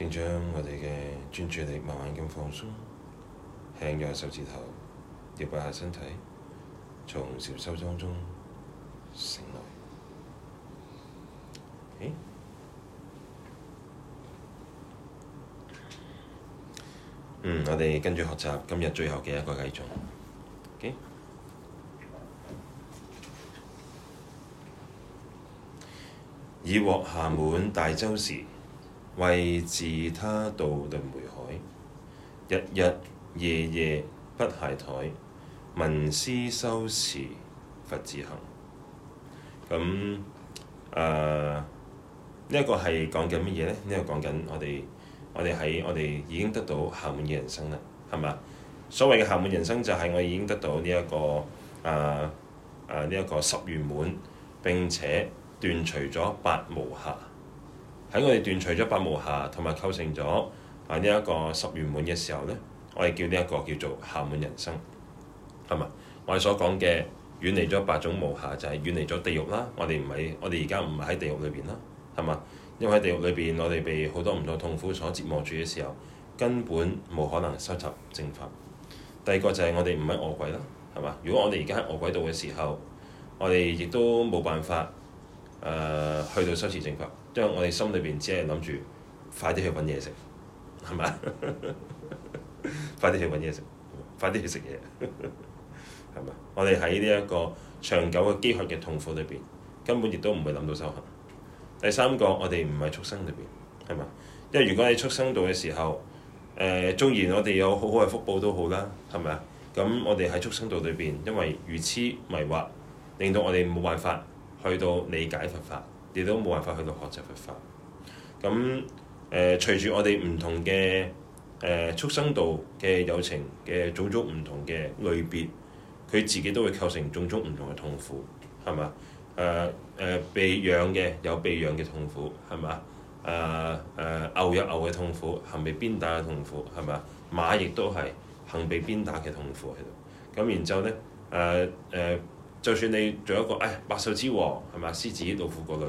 並將我哋嘅專注力慢慢咁放鬆，輕咗下手指頭，搖擺下身體，從禪修當中醒來。Okay? 嗯，我哋跟住學習今日最後嘅一個偈頌。咦、okay？已獲暇滿大舟時，為自他渡輪回海，日日夜夜不懈怠，聞思修持佛子行。咁誒、呃這個、呢一、這個係講緊乜嘢咧？呢個講緊我哋，我哋喺，我哋已經得到暇滿嘅人生啦，係嘛？所謂嘅暇滿人生就係我已經得到呢、這、一個誒誒呢一個十圓滿，並且斷除咗八無暇。喺我哋斷除咗八無暇，同埋構成咗啊呢一個十圓滿嘅時候咧，我哋叫呢一個叫做暇滿人生，係嘛？我哋所講嘅遠離咗八種無暇，就係、是、遠離咗地獄啦。我哋唔喺我哋而家唔喺地獄裏邊啦，係嘛？因為喺地獄裏邊，我哋被好多唔同痛苦所折磨住嘅時候，根本冇可能收集正法。第二個就係我哋唔喺餓鬼啦，係嘛？如果我哋而家喺餓鬼度嘅時候，我哋亦都冇辦法誒、呃、去到修持正法。即係我哋心裏邊只係諗住快啲去揾嘢食，係咪？ [laughs] 快啲去揾嘢食，快啲去食嘢，係 [laughs] 咪？我哋喺呢一個長久嘅飢渴嘅痛苦裏邊，根本亦都唔會諗到修行。第三個，我哋唔係畜生裏邊，係咪？因為如果你畜生道嘅時候，誒、呃，縱然我哋有好好嘅福報都好啦，係咪啊？咁我哋喺畜生道裏邊，因為愚痴迷惑，令到我哋冇辦法去到理解佛法。你都冇辦法去到學習佛法，咁誒、呃、隨住我哋唔同嘅誒畜生道嘅有情嘅種種唔同嘅類別，佢自己都會構成種種唔同嘅痛苦，係嘛？誒、呃、誒、呃、被養嘅有被養嘅痛苦，係嘛？誒誒牛有牛嘅痛苦，恆被鞭打嘅痛苦，係嘛？馬亦都係恆被鞭打嘅痛苦，喺度咁然之後咧誒誒。呃呃就算你做一個誒百、哎、獸之王係嘛，獅子、老虎嗰類，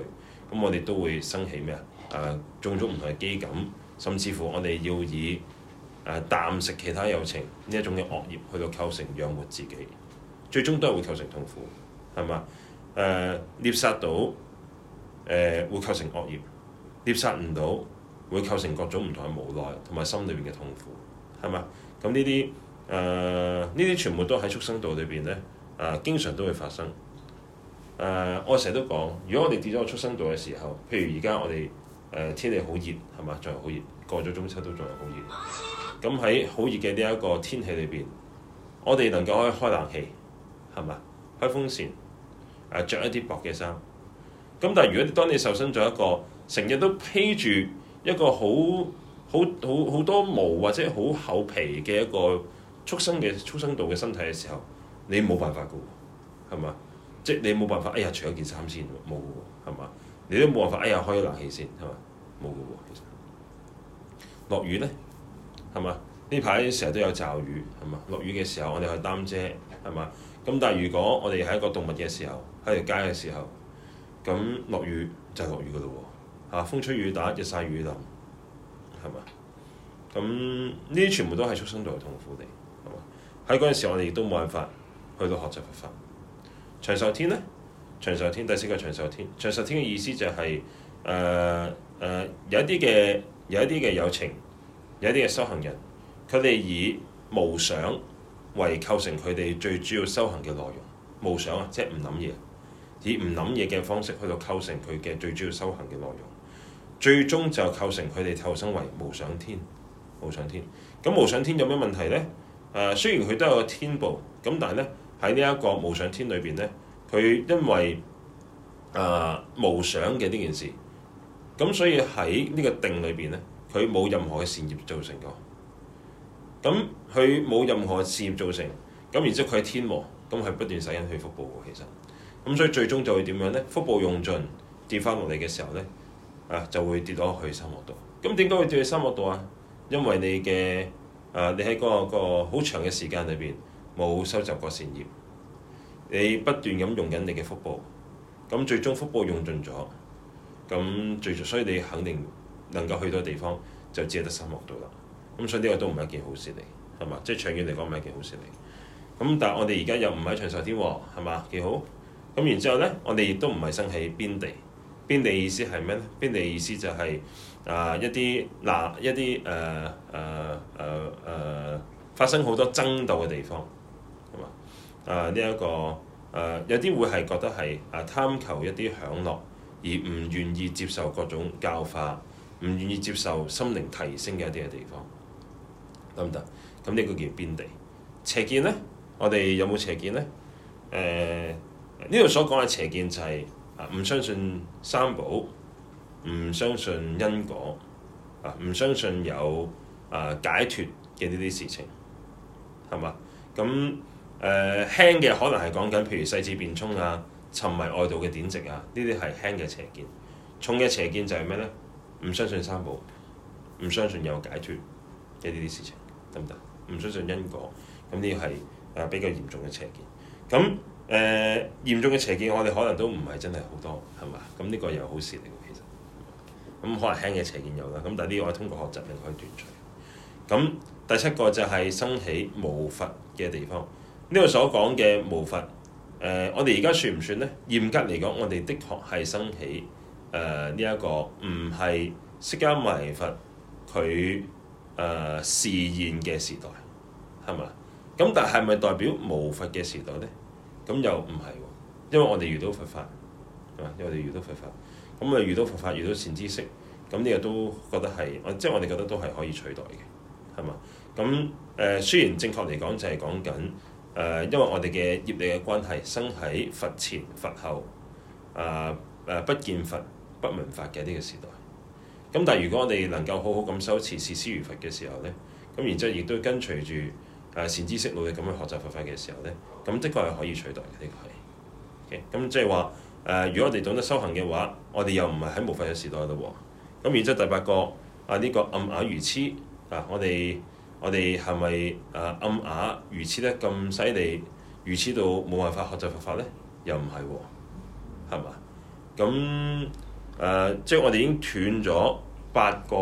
咁我哋都會生起咩啊？誒，種種唔同嘅機感，甚至乎我哋要以誒啖、啊、食其他有情呢一種嘅惡業去到構成養活自己，最終都係會構成痛苦，係嘛？誒、啊，獵殺到誒、啊、會構成惡業，獵殺唔到會構成各種唔同嘅無奈同埋心裏邊嘅痛苦，係嘛？咁呢啲誒呢啲全部都喺畜生道裏邊咧。啊，經常都會發生。誒、呃，我成日都講，如果我哋跌咗個畜生道嘅時候，譬如而家我哋誒、呃、天氣好熱，係嘛？仲係好熱，過咗中秋都仲係好熱。咁喺好熱嘅呢一個天氣裏邊，我哋能夠可以開冷氣，係嘛？開風扇，誒、呃、著一啲薄嘅衫。咁但係如果當你受身咗一個，成日都披住一個好好好好多毛或者好厚皮嘅一個畜生嘅畜生，生道嘅身體嘅時候。你冇辦法噶喎，係嘛？即係你冇辦法，哎呀，除咗件衫先冇噶喎，係嘛？你都冇辦法，哎呀，開咗冷氣先，係嘛？冇噶喎，其實。落雨咧，係嘛？呢排成日都有驟雨，係嘛？落雨嘅時候我，我哋去擔遮，係嘛？咁但係如果我哋係一個動物嘅時候，喺條街嘅時候，咁落雨就係落雨噶咯喎，啊，風吹雨打，日曬雨淋，係嘛？咁呢啲全部都係畜生道嘅痛苦嚟，係嘛？喺嗰陣時，我哋亦都冇辦法。去到學習佛法，長壽天咧，長壽天，第四個長壽天，長壽天嘅意思就係誒誒，有一啲嘅，有一啲嘅有情，有一啲嘅修行人，佢哋以無想為構成佢哋最主要修行嘅內容，無想啊，即係唔諗嘢，以唔諗嘢嘅方式去到構成佢嘅最主要修行嘅內容，最終就構成佢哋投生為無想天，無想天。咁無想天有咩問題咧？誒、呃、雖然佢都有個天部，咁但係咧。喺、這個、呢一個無想天裏邊咧，佢因為啊、呃、無想嘅呢件事，咁所以喺、這個、呢個定裏邊咧，佢冇任何嘅善業造成㗎。咁佢冇任何嘅善業造成，咁然之後佢喺天喎，咁佢不斷使人去福報其實。咁所以最終就會點樣咧？福報用盡跌翻落嚟嘅時候咧，啊就會跌到去三惡道。咁點解會跌去三惡道啊？因為你嘅啊、呃、你喺、那個、那個好長嘅時間裏邊。冇收集過善業，你不斷咁用緊你嘅福報，咁最終福報用盡咗，咁最所以你肯定能夠去到地方，就只係得沙漠度啦。咁所以呢個都唔係一件好事嚟，係嘛？即係長遠嚟講唔係一件好事嚟。咁但係我哋而家又唔喺長壽天喎，係嘛？幾好？咁然之後咧，我哋亦都唔係生喺邊地，邊地意思係咩咧？邊地意思就係、是、啊、呃、一啲嗱一啲誒誒誒誒發生好多爭鬥嘅地方。啊！呢一個誒、啊，有啲會係覺得係啊貪求一啲享樂，而唔願意接受各種教化，唔願意接受心靈提升嘅一啲嘅地方，得唔得？咁呢個叫邊地邪見咧？我哋有冇邪見咧？誒、呃，呢度所講嘅邪見就係、是、啊，唔相信三寶，唔相信因果，啊，唔相信有啊解脫嘅呢啲事情，係嘛？咁誒輕嘅可能係講緊，譬如世智辯聰啊、沉迷外道嘅典籍啊，呢啲係輕嘅邪見。重嘅邪見就係咩呢？唔相信三寶，唔相信有解脫嘅呢啲事情，得唔得？唔相信因果，咁呢個係誒比較嚴重嘅邪見。咁誒嚴重嘅邪見，我哋可能都唔係真係好多，係嘛？咁呢個又好事嚟嘅，其實咁可能輕嘅邪見有啦，咁但係呢個我通過學習令佢斷除。咁第七個就係生起無佛嘅地方。呢個所講嘅無佛，誒、呃，我哋而家算唔算咧？嚴格嚟講，我哋的確係生起誒呢一個唔係釋迦牟尼佛佢誒示現嘅時代，係嘛？咁但係咪代表無佛嘅時代咧？咁又唔係喎，因為我哋遇到佛法，係嘛？因為我哋遇到佛法，咁啊遇到佛法遇到善知識，咁呢個都覺得係，即係我哋覺得都係可以取代嘅，係嘛？咁誒、呃，雖然正確嚟講就係講緊。誒，因為我哋嘅業力嘅關係，生喺佛前佛後，啊誒，不見佛不聞法嘅呢個時代。咁但係如果我哋能夠好好咁修持、視師如佛嘅時候咧，咁然之後亦都跟隨住誒善知識努力咁去學習佛法嘅時候咧，咁的確係可以取代嘅呢個係。嘅、okay? 嗯，咁即係話誒，如果我哋懂得修行嘅話，我哋又唔係喺無法嘅時代啦喎。咁然之後第八個啊，呢個瘖啞愚痴啊，我哋。我哋係咪誒瘖啞愚痴得咁犀利，愚痴到冇辦法學習佛法咧？又唔係喎，係嘛？咁誒、呃，即係我哋已經斷咗八個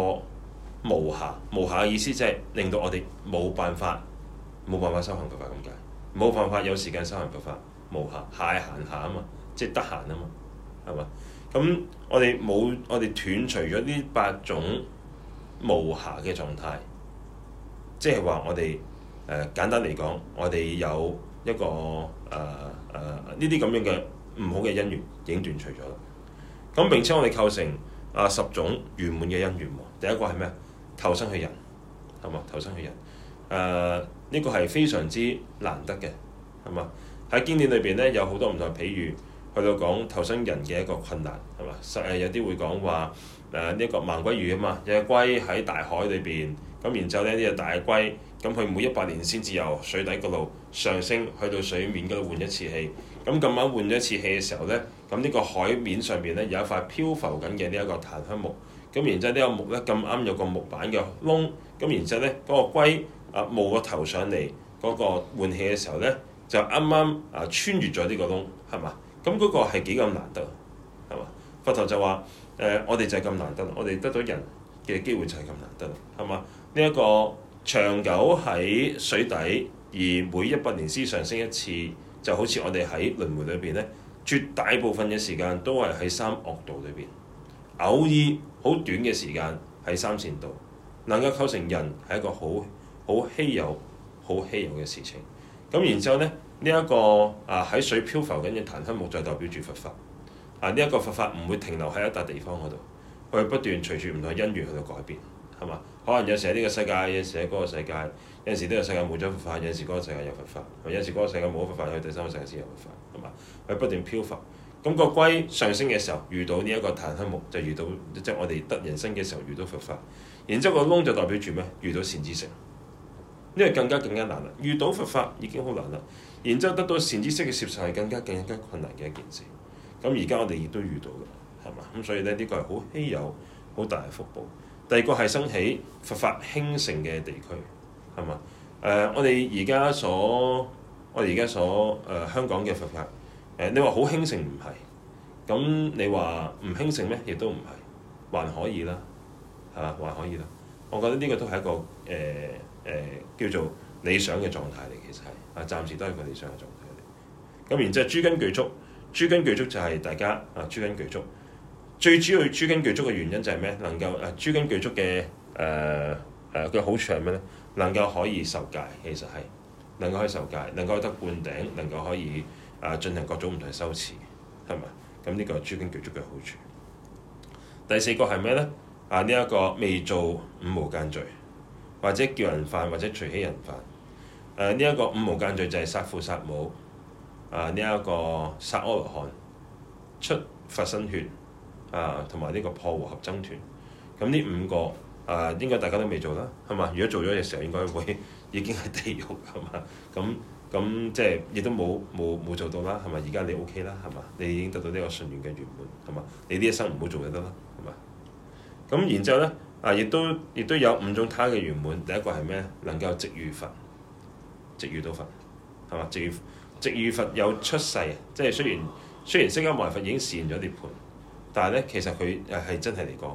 無暇，無暇嘅意思，即係令到我哋冇辦法冇辦法修行佛法咁解，冇辦法有時間修行佛法無暇，係閒暇啊嘛，即係得閒啊嘛，係嘛？咁我哋冇我哋斷除咗呢八種無暇嘅狀態。即係話我哋誒、呃、簡單嚟講，我哋有一個誒誒呢啲咁樣嘅唔好嘅因緣已經斷除咗啦。咁並且我哋構成啊十種圓滿嘅因緣喎。第一個係咩啊？投生去人係嘛？投生去人誒呢、呃這個係非常之難得嘅係嘛？喺經典裏邊咧有好多唔同譬喻去到講投生人嘅一個困難係嘛？實誒有啲會講話。誒呢、啊這個、一個盲龜魚啊嘛，隻龜喺大海裏邊，咁然之後咧呢隻、這個、大龜，咁佢每一百年先至由水底嗰度上升去到水面嗰度換一次氣，咁咁啱換咗一次氣嘅時候咧，咁呢個海面上邊咧有一塊漂浮緊嘅呢一個檀香木，咁然之後呢個木咧咁啱有個木板嘅窿，咁然之後咧嗰、那個龜啊冒個頭上嚟，嗰、那個換氣嘅時候咧就啱啱啊穿越咗呢個窿，係嘛？咁嗰個係幾咁難得，係嘛？佛頭就話。誒、呃，我哋就係咁難得，我哋得到人嘅機會就係咁難得，係嘛？呢、這、一個長久喺水底，而每一百年先上升一次，就好似我哋喺輪迴裏邊咧，絕大部分嘅時間都係喺三惡道裏邊，偶爾好短嘅時間喺三善道，能夠構成人係一個好好稀有、好稀有嘅事情。咁然之後咧，呢、這、一個啊喺水漂浮緊嘅檀香木就代表住佛法。啊！呢一個佛法唔會停留喺一笪地方嗰度，佢不斷隨住唔同因緣去改變，係嘛？可能有時喺呢個世界，有時喺嗰個世界，有時呢個世界冇咗佛法，有時嗰個世界有佛法，有時嗰個世界冇咗佛法，去第三個世界先有佛法，係嘛？佢不斷漂浮。咁個龜上升嘅時候，遇到呢一個檀香木，就遇到即係、就是、我哋得人身嘅時候遇到佛法。然之後個窿就代表住咩？遇到善知識。呢個更加更加難啦！遇到佛法已經好難啦，然之後得到善知識嘅攝受係更加更加困難嘅一件事。咁而家我哋亦都遇到嘅，係嘛？咁所以咧，呢、這個係好稀有、好大嘅福報。第二個係升起佛法興盛嘅地區，係嘛？誒、呃，我哋而家所我哋而家所誒、呃、香港嘅佛法，誒、呃、你話好興盛唔係？咁你話唔興盛咩？亦都唔係，還可以啦，係嘛？還可以啦。我覺得呢個都係一個誒誒、呃呃、叫做理想嘅狀態嚟，其實係啊，暫時都係個理想嘅狀態嚟。咁然之後，諸根具足。諸根具足就係大家啊，諸根具足最主要諸根具足嘅原因就係咩？能夠啊，諸根具足嘅誒誒嘅好處係咩咧？能夠可以受戒，其實係能夠可以受戒，能夠可以得灌頂，能夠可以啊進行各種唔同嘅修持，係咪？咁呢個諸根具足嘅好處。第四個係咩咧？啊呢一個未做五無間罪，或者叫人犯，或者隨喜人犯。誒呢一個五無間罪就係殺父殺母。啊！呢、這、一個殺阿羅漢出佛身血啊，同埋呢個破和合僧團，咁、啊、呢五個啊，應該大家都未做啦，係嘛？如果做咗嘅時候，應該會已經係地獄，係嘛？咁咁、嗯、即係亦都冇冇冇做到啦，係嘛？而家你 O、OK、K 啦，係嘛？你已經得到呢個信願嘅圓滿，係嘛？你呢一生唔好做就得啦，係嘛？咁然之後咧啊，亦都亦都有五種他嘅圓滿，第一個係咩？能夠值遇佛，值遇到佛，係嘛？值遇。值遇佛有出世，即係雖然雖然釋迦牟尼佛已經示現咗涅盤，但係咧，其實佢係係真係嚟講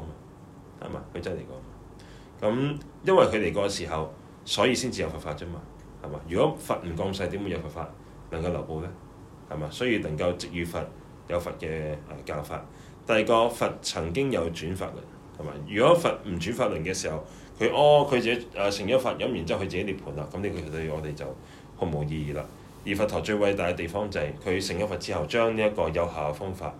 啊嘛，佢真係嚟講。咁因為佢嚟過時候，所以先至有佛法啫嘛，係嘛？如果佛唔降世，點會有佛法能夠流布咧？係嘛？所以能夠值遇佛有佛嘅教法。第二個佛曾經有轉法輪，係嘛？如果佛唔轉法輪嘅時候，佢哦佢自己誒成咗佛，飲完之後佢自己涅盤啦，咁呢個對我哋就毫無意義啦。而佛陀最偉大嘅地方就係佢成咗佛之後，將呢一個有效嘅方法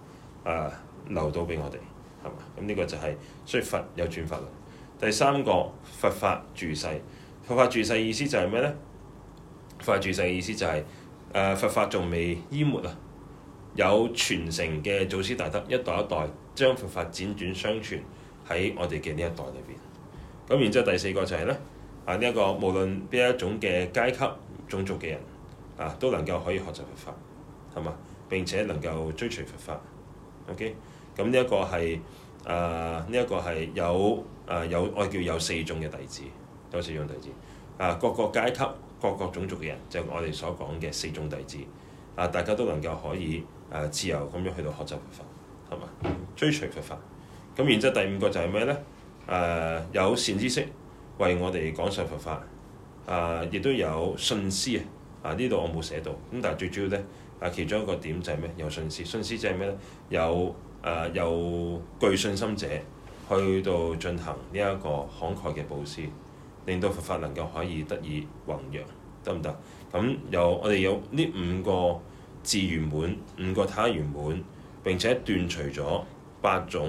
啊留到俾我哋，係嘛？咁呢個就係所以佛有轉法啦。第三個佛法住世，佛法住世意思就係咩呢？佛法住世嘅意思就係誒佛法仲未淹沒啊，有傳承嘅祖師大德一代一代將佛法輾轉相傳喺我哋嘅呢一代裏邊。咁然之後第四個就係咧啊呢一個無論邊一種嘅階級種族嘅人。啊，都能夠可以學習佛法，係嘛？並且能夠追隨佛法。OK，咁呢一個係啊，呢、呃、一、這個係有啊、呃，有我叫有四眾嘅弟子，有四眾弟子啊、呃，各個階級、各個種族嘅人，就是、我哋所講嘅四眾弟子啊、呃，大家都能夠可以啊、呃、自由咁樣去到學習佛法，係嘛？追隨佛法。咁然之後第五個就係咩咧？誒、呃、有善知識為我哋講授佛法，啊、呃，亦都有信施啊。啊！呢度我冇寫到，咁但係最主要咧，啊，其中一個點就係咩？有信施，信施就係咩咧？有誒、啊、有具信心者去到進行呢一個慷慨嘅佈施，令到佛法能夠可以得以弘揚，得唔得？咁有我哋有呢五個自圓滿，五個他圓滿，並且斷除咗八種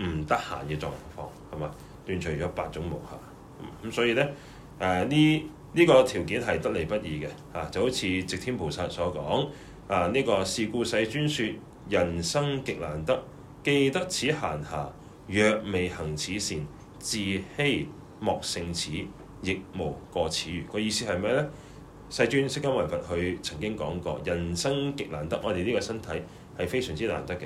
唔得閒嘅狀況，係嘛？斷除咗八種無暇。咁所以咧，誒呢？啊呢個條件係得嚟不易嘅，嚇就好似寂天菩薩所講，啊呢、這個是故世尊說人生極難得，既得此閒暇，若未行此善，自欺莫勝此，亦無過此愚。這個意思係咩呢？世尊釋迦牟尼佛佢曾經講過，人生極難得，我哋呢個身體係非常之難得嘅。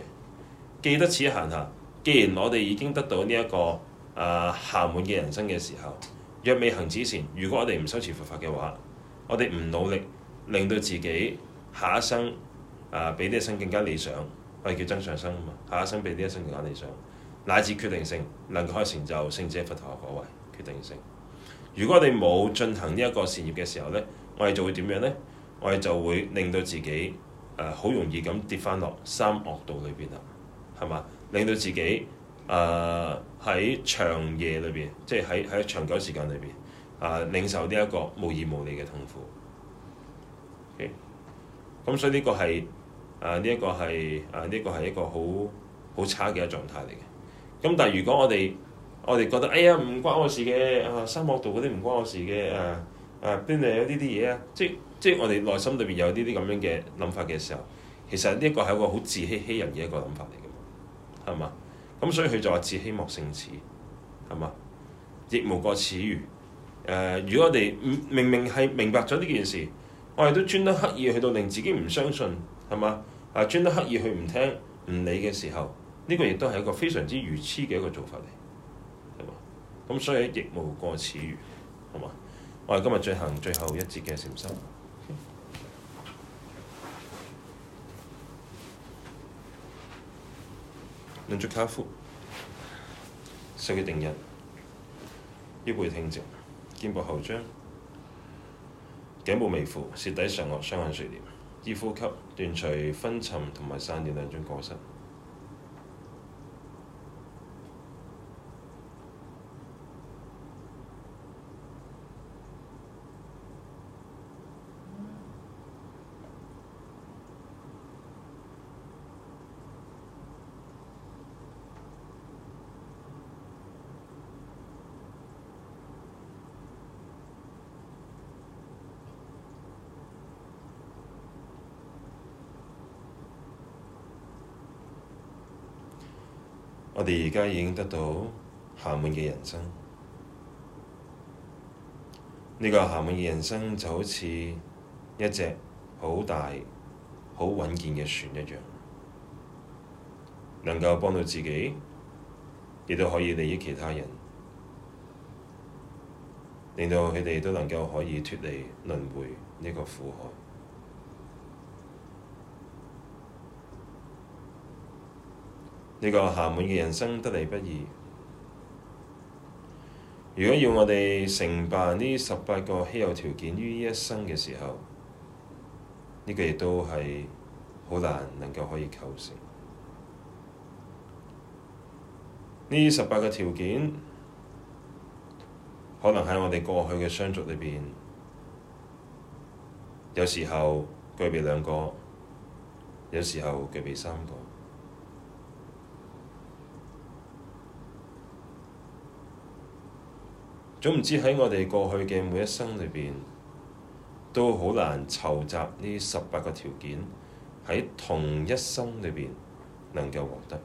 既得此閒暇，既然我哋已經得到呢、這、一個啊暇滿嘅人生嘅時候。若未行此善，如果我哋唔修持佛法嘅話，我哋唔努力令到自己下一生啊、呃、比呢一生更加理想，我哋叫增上生啊嘛，下一生比呢一生更加理想，乃至決定性能夠去成就聖者佛陀嘅果位，決定性。如果我哋冇進行呢一個善業嘅時候咧，我哋就會點樣咧？我哋就會令到自己誒好、呃、容易咁跌翻落三惡道裏邊啦，係嘛？令到自己。誒喺、uh, 長夜裏邊，即係喺喺長久時間裏邊，啊，領受呢一個無義無理嘅痛苦。咁、okay? 所以呢個係啊呢、呢個啊呢個、一個係啊呢個係一個好好差嘅一個狀態嚟嘅。咁但係如果我哋我哋覺得哎呀，唔關我事嘅啊，沙漠度嗰啲唔關我事嘅，誒誒邊度有呢啲嘢啊，即即我哋內心裏邊有呢啲咁樣嘅諗法嘅時候，其實呢一個係一個好自欺欺人嘅一個諗法嚟嘅，係嘛？咁所以佢就話自欺莫勝此，係嘛？亦無過此愚。誒、呃，如果我哋明明係明白咗呢件事，我哋都專登刻意去到令自己唔相信，係嘛？啊，專登刻意去唔聽唔理嘅時候，呢、呢個亦都係一個非常之愚痴嘅一個做法嚟，係嘛？咁所以亦無過此愚，係嘛？我哋今日進行最後一節嘅禪修。順足跏趺，手結定印，腰背挺直，肩部後張，頸部微俯，舌抵上顎，雙眼垂簾，依呼吸斷除昏沉同埋散亂兩種過失。我哋而家已經得到暇滿嘅人生，呢、這個暇滿嘅人生就好似一隻好大、好穩健嘅船一樣，能夠幫到自己，亦都可以利益其他人，令到佢哋都能夠可以脫離輪迴呢個苦海。呢個暇滿嘅人生得嚟不易。如果要我哋承辦呢十八個稀有條件於一生嘅時候，呢、這個亦都係好難能夠可以構成。呢十八個條件，可能喺我哋過去嘅相續裏邊，有時候具備兩個，有時候具備三個。總唔知喺我哋過去嘅每一生裏邊，都好難籌集呢十八個條件，喺同一生裏邊能夠獲得。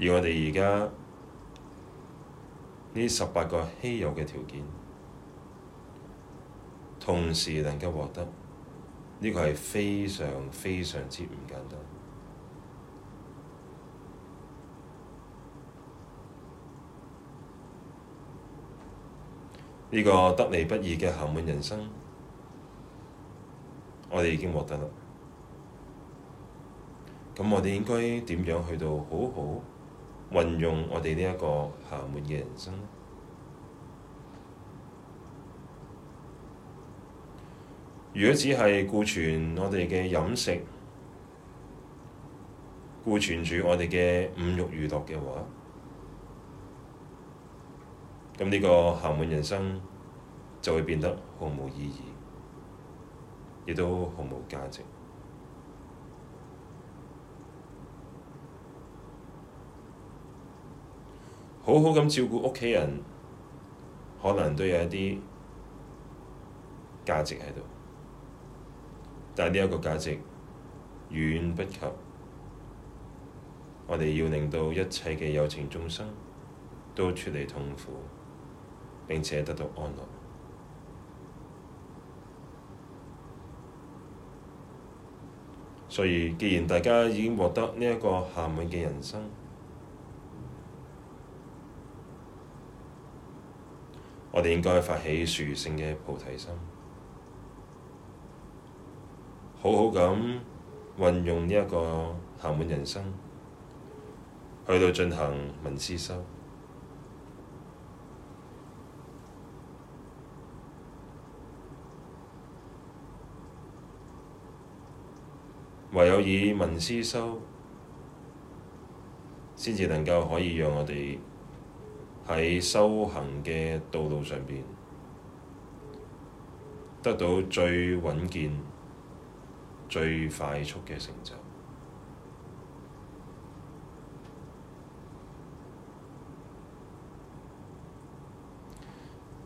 而我哋而家呢十八個稀有嘅條件，同時能夠獲得，呢、這個係非常非常之唔簡單。呢個得嚟不易嘅暇滿人身，我哋已經獲得啦。咁我哋應該點樣去到好好運用我哋呢一個暇滿嘅人身咧？如果只係顧存我哋嘅飲食，顧存住我哋嘅五慾娛樂嘅話，咁呢個後半人生就會變得毫無意義，亦都毫無價值。好好咁照顧屋企人，可能都有一啲價值喺度，但呢一個價值遠不及我哋要令到一切嘅有情眾生都出離痛苦。並且得到安樂，所以既然大家已經獲得呢一個暇滿嘅人生，我哋應該發起殊勝嘅菩提心，好好咁運用呢一個暇滿人生，去到進行聞思修。唯有以聞思修，先至能夠可以讓我哋喺修行嘅道路上邊得到最穩健、最快速嘅成就。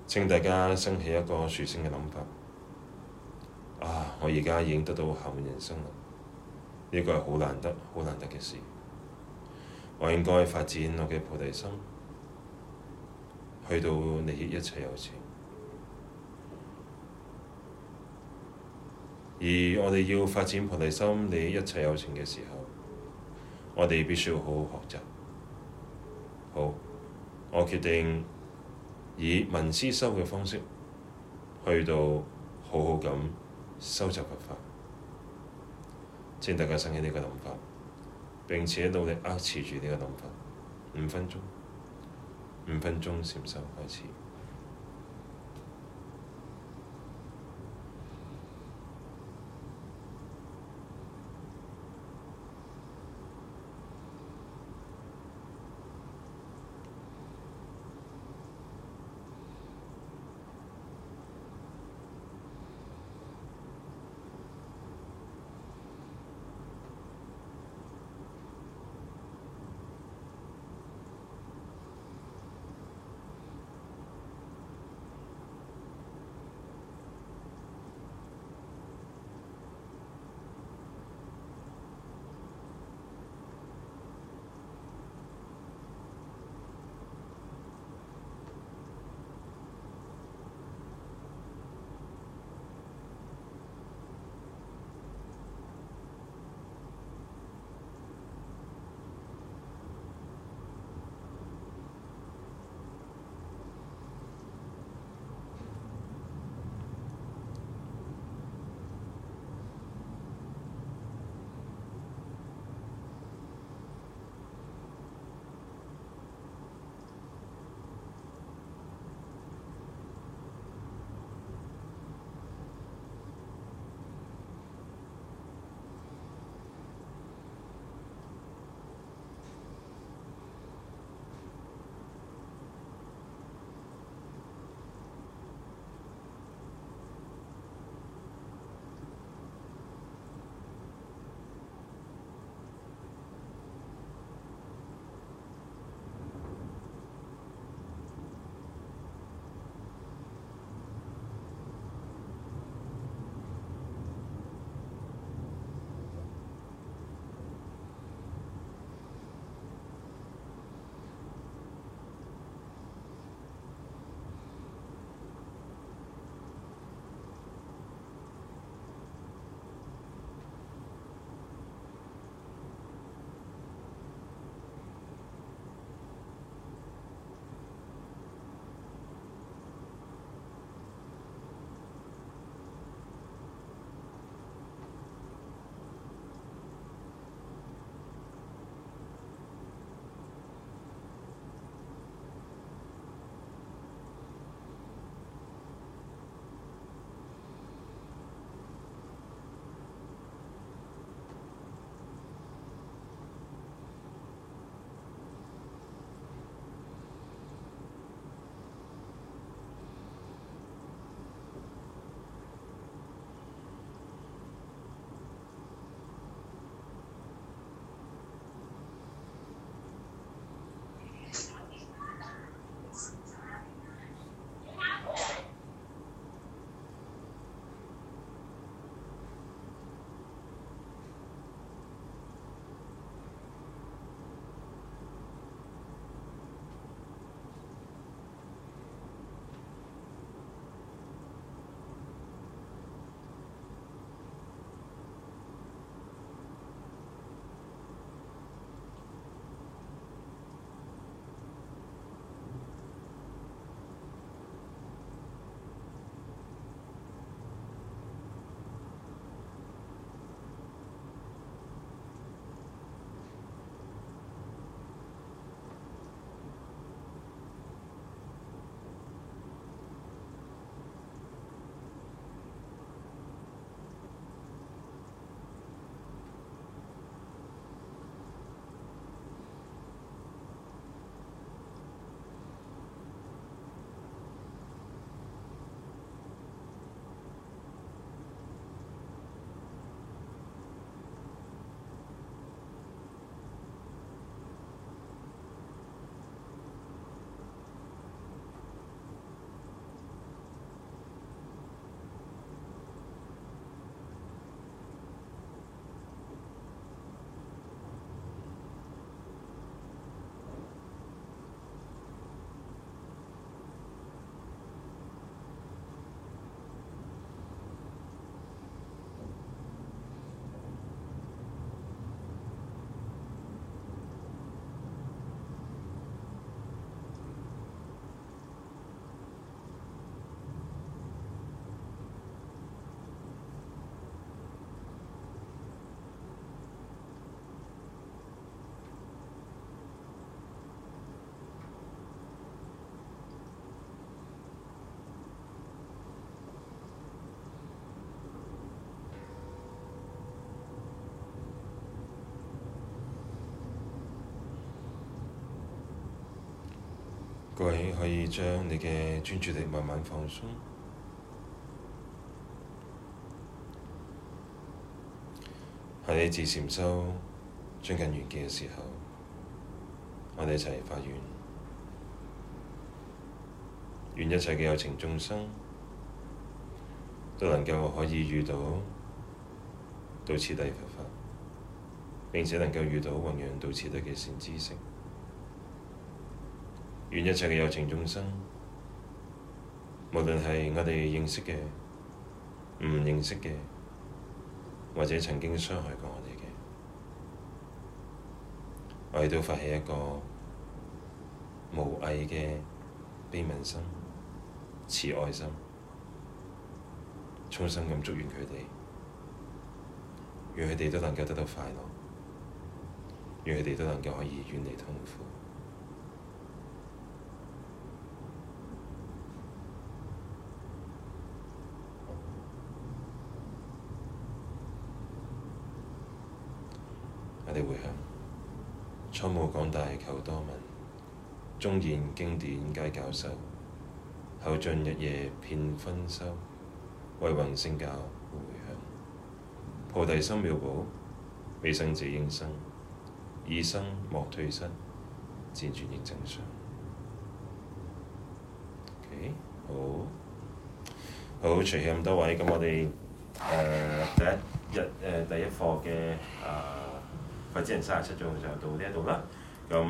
請大家升起一個殊勝嘅諗法。啊！我而家已經得到暇滿人身啦～呢個係好難得、好難得嘅事，我應該發展我嘅菩提心，去到利益一切有情。而我哋要發展菩提心，利益一切有情嘅時候，我哋必須要好好學習。好，我決定以聞思修嘅方式去到好好咁修習佛法。先大家生起呢個諗法，並且努力壓持住呢個諗法，五分鐘，五分鐘，禪修開始。各位可以將你嘅專注力慢慢放鬆，喺你自禪修接近完結嘅時候，我哋一齊發願，願一切嘅有情眾生都能夠可以遇到道次第佛法，並且能夠遇到弘揚道次第嘅善知識。願一切嘅有情眾生，無論係我哋認識嘅、唔認識嘅，或者曾經傷害過我哋嘅，我哋都發起一個無偽嘅悲憫心、慈愛心，衷心咁祝願佢哋，願佢哋都能夠得到快樂，願佢哋都能夠可以遠離痛苦。鐘簴經典皆教授，後進日夜遍分修，為雲聲教迴響。菩提心妙寶，未生者應生，已生莫退失，自轉亦正常。OK，好，好，除咗咁多位，咁我哋誒第一日誒第一課嘅誒《佛子行三十七頌》就到呢一度啦，咁。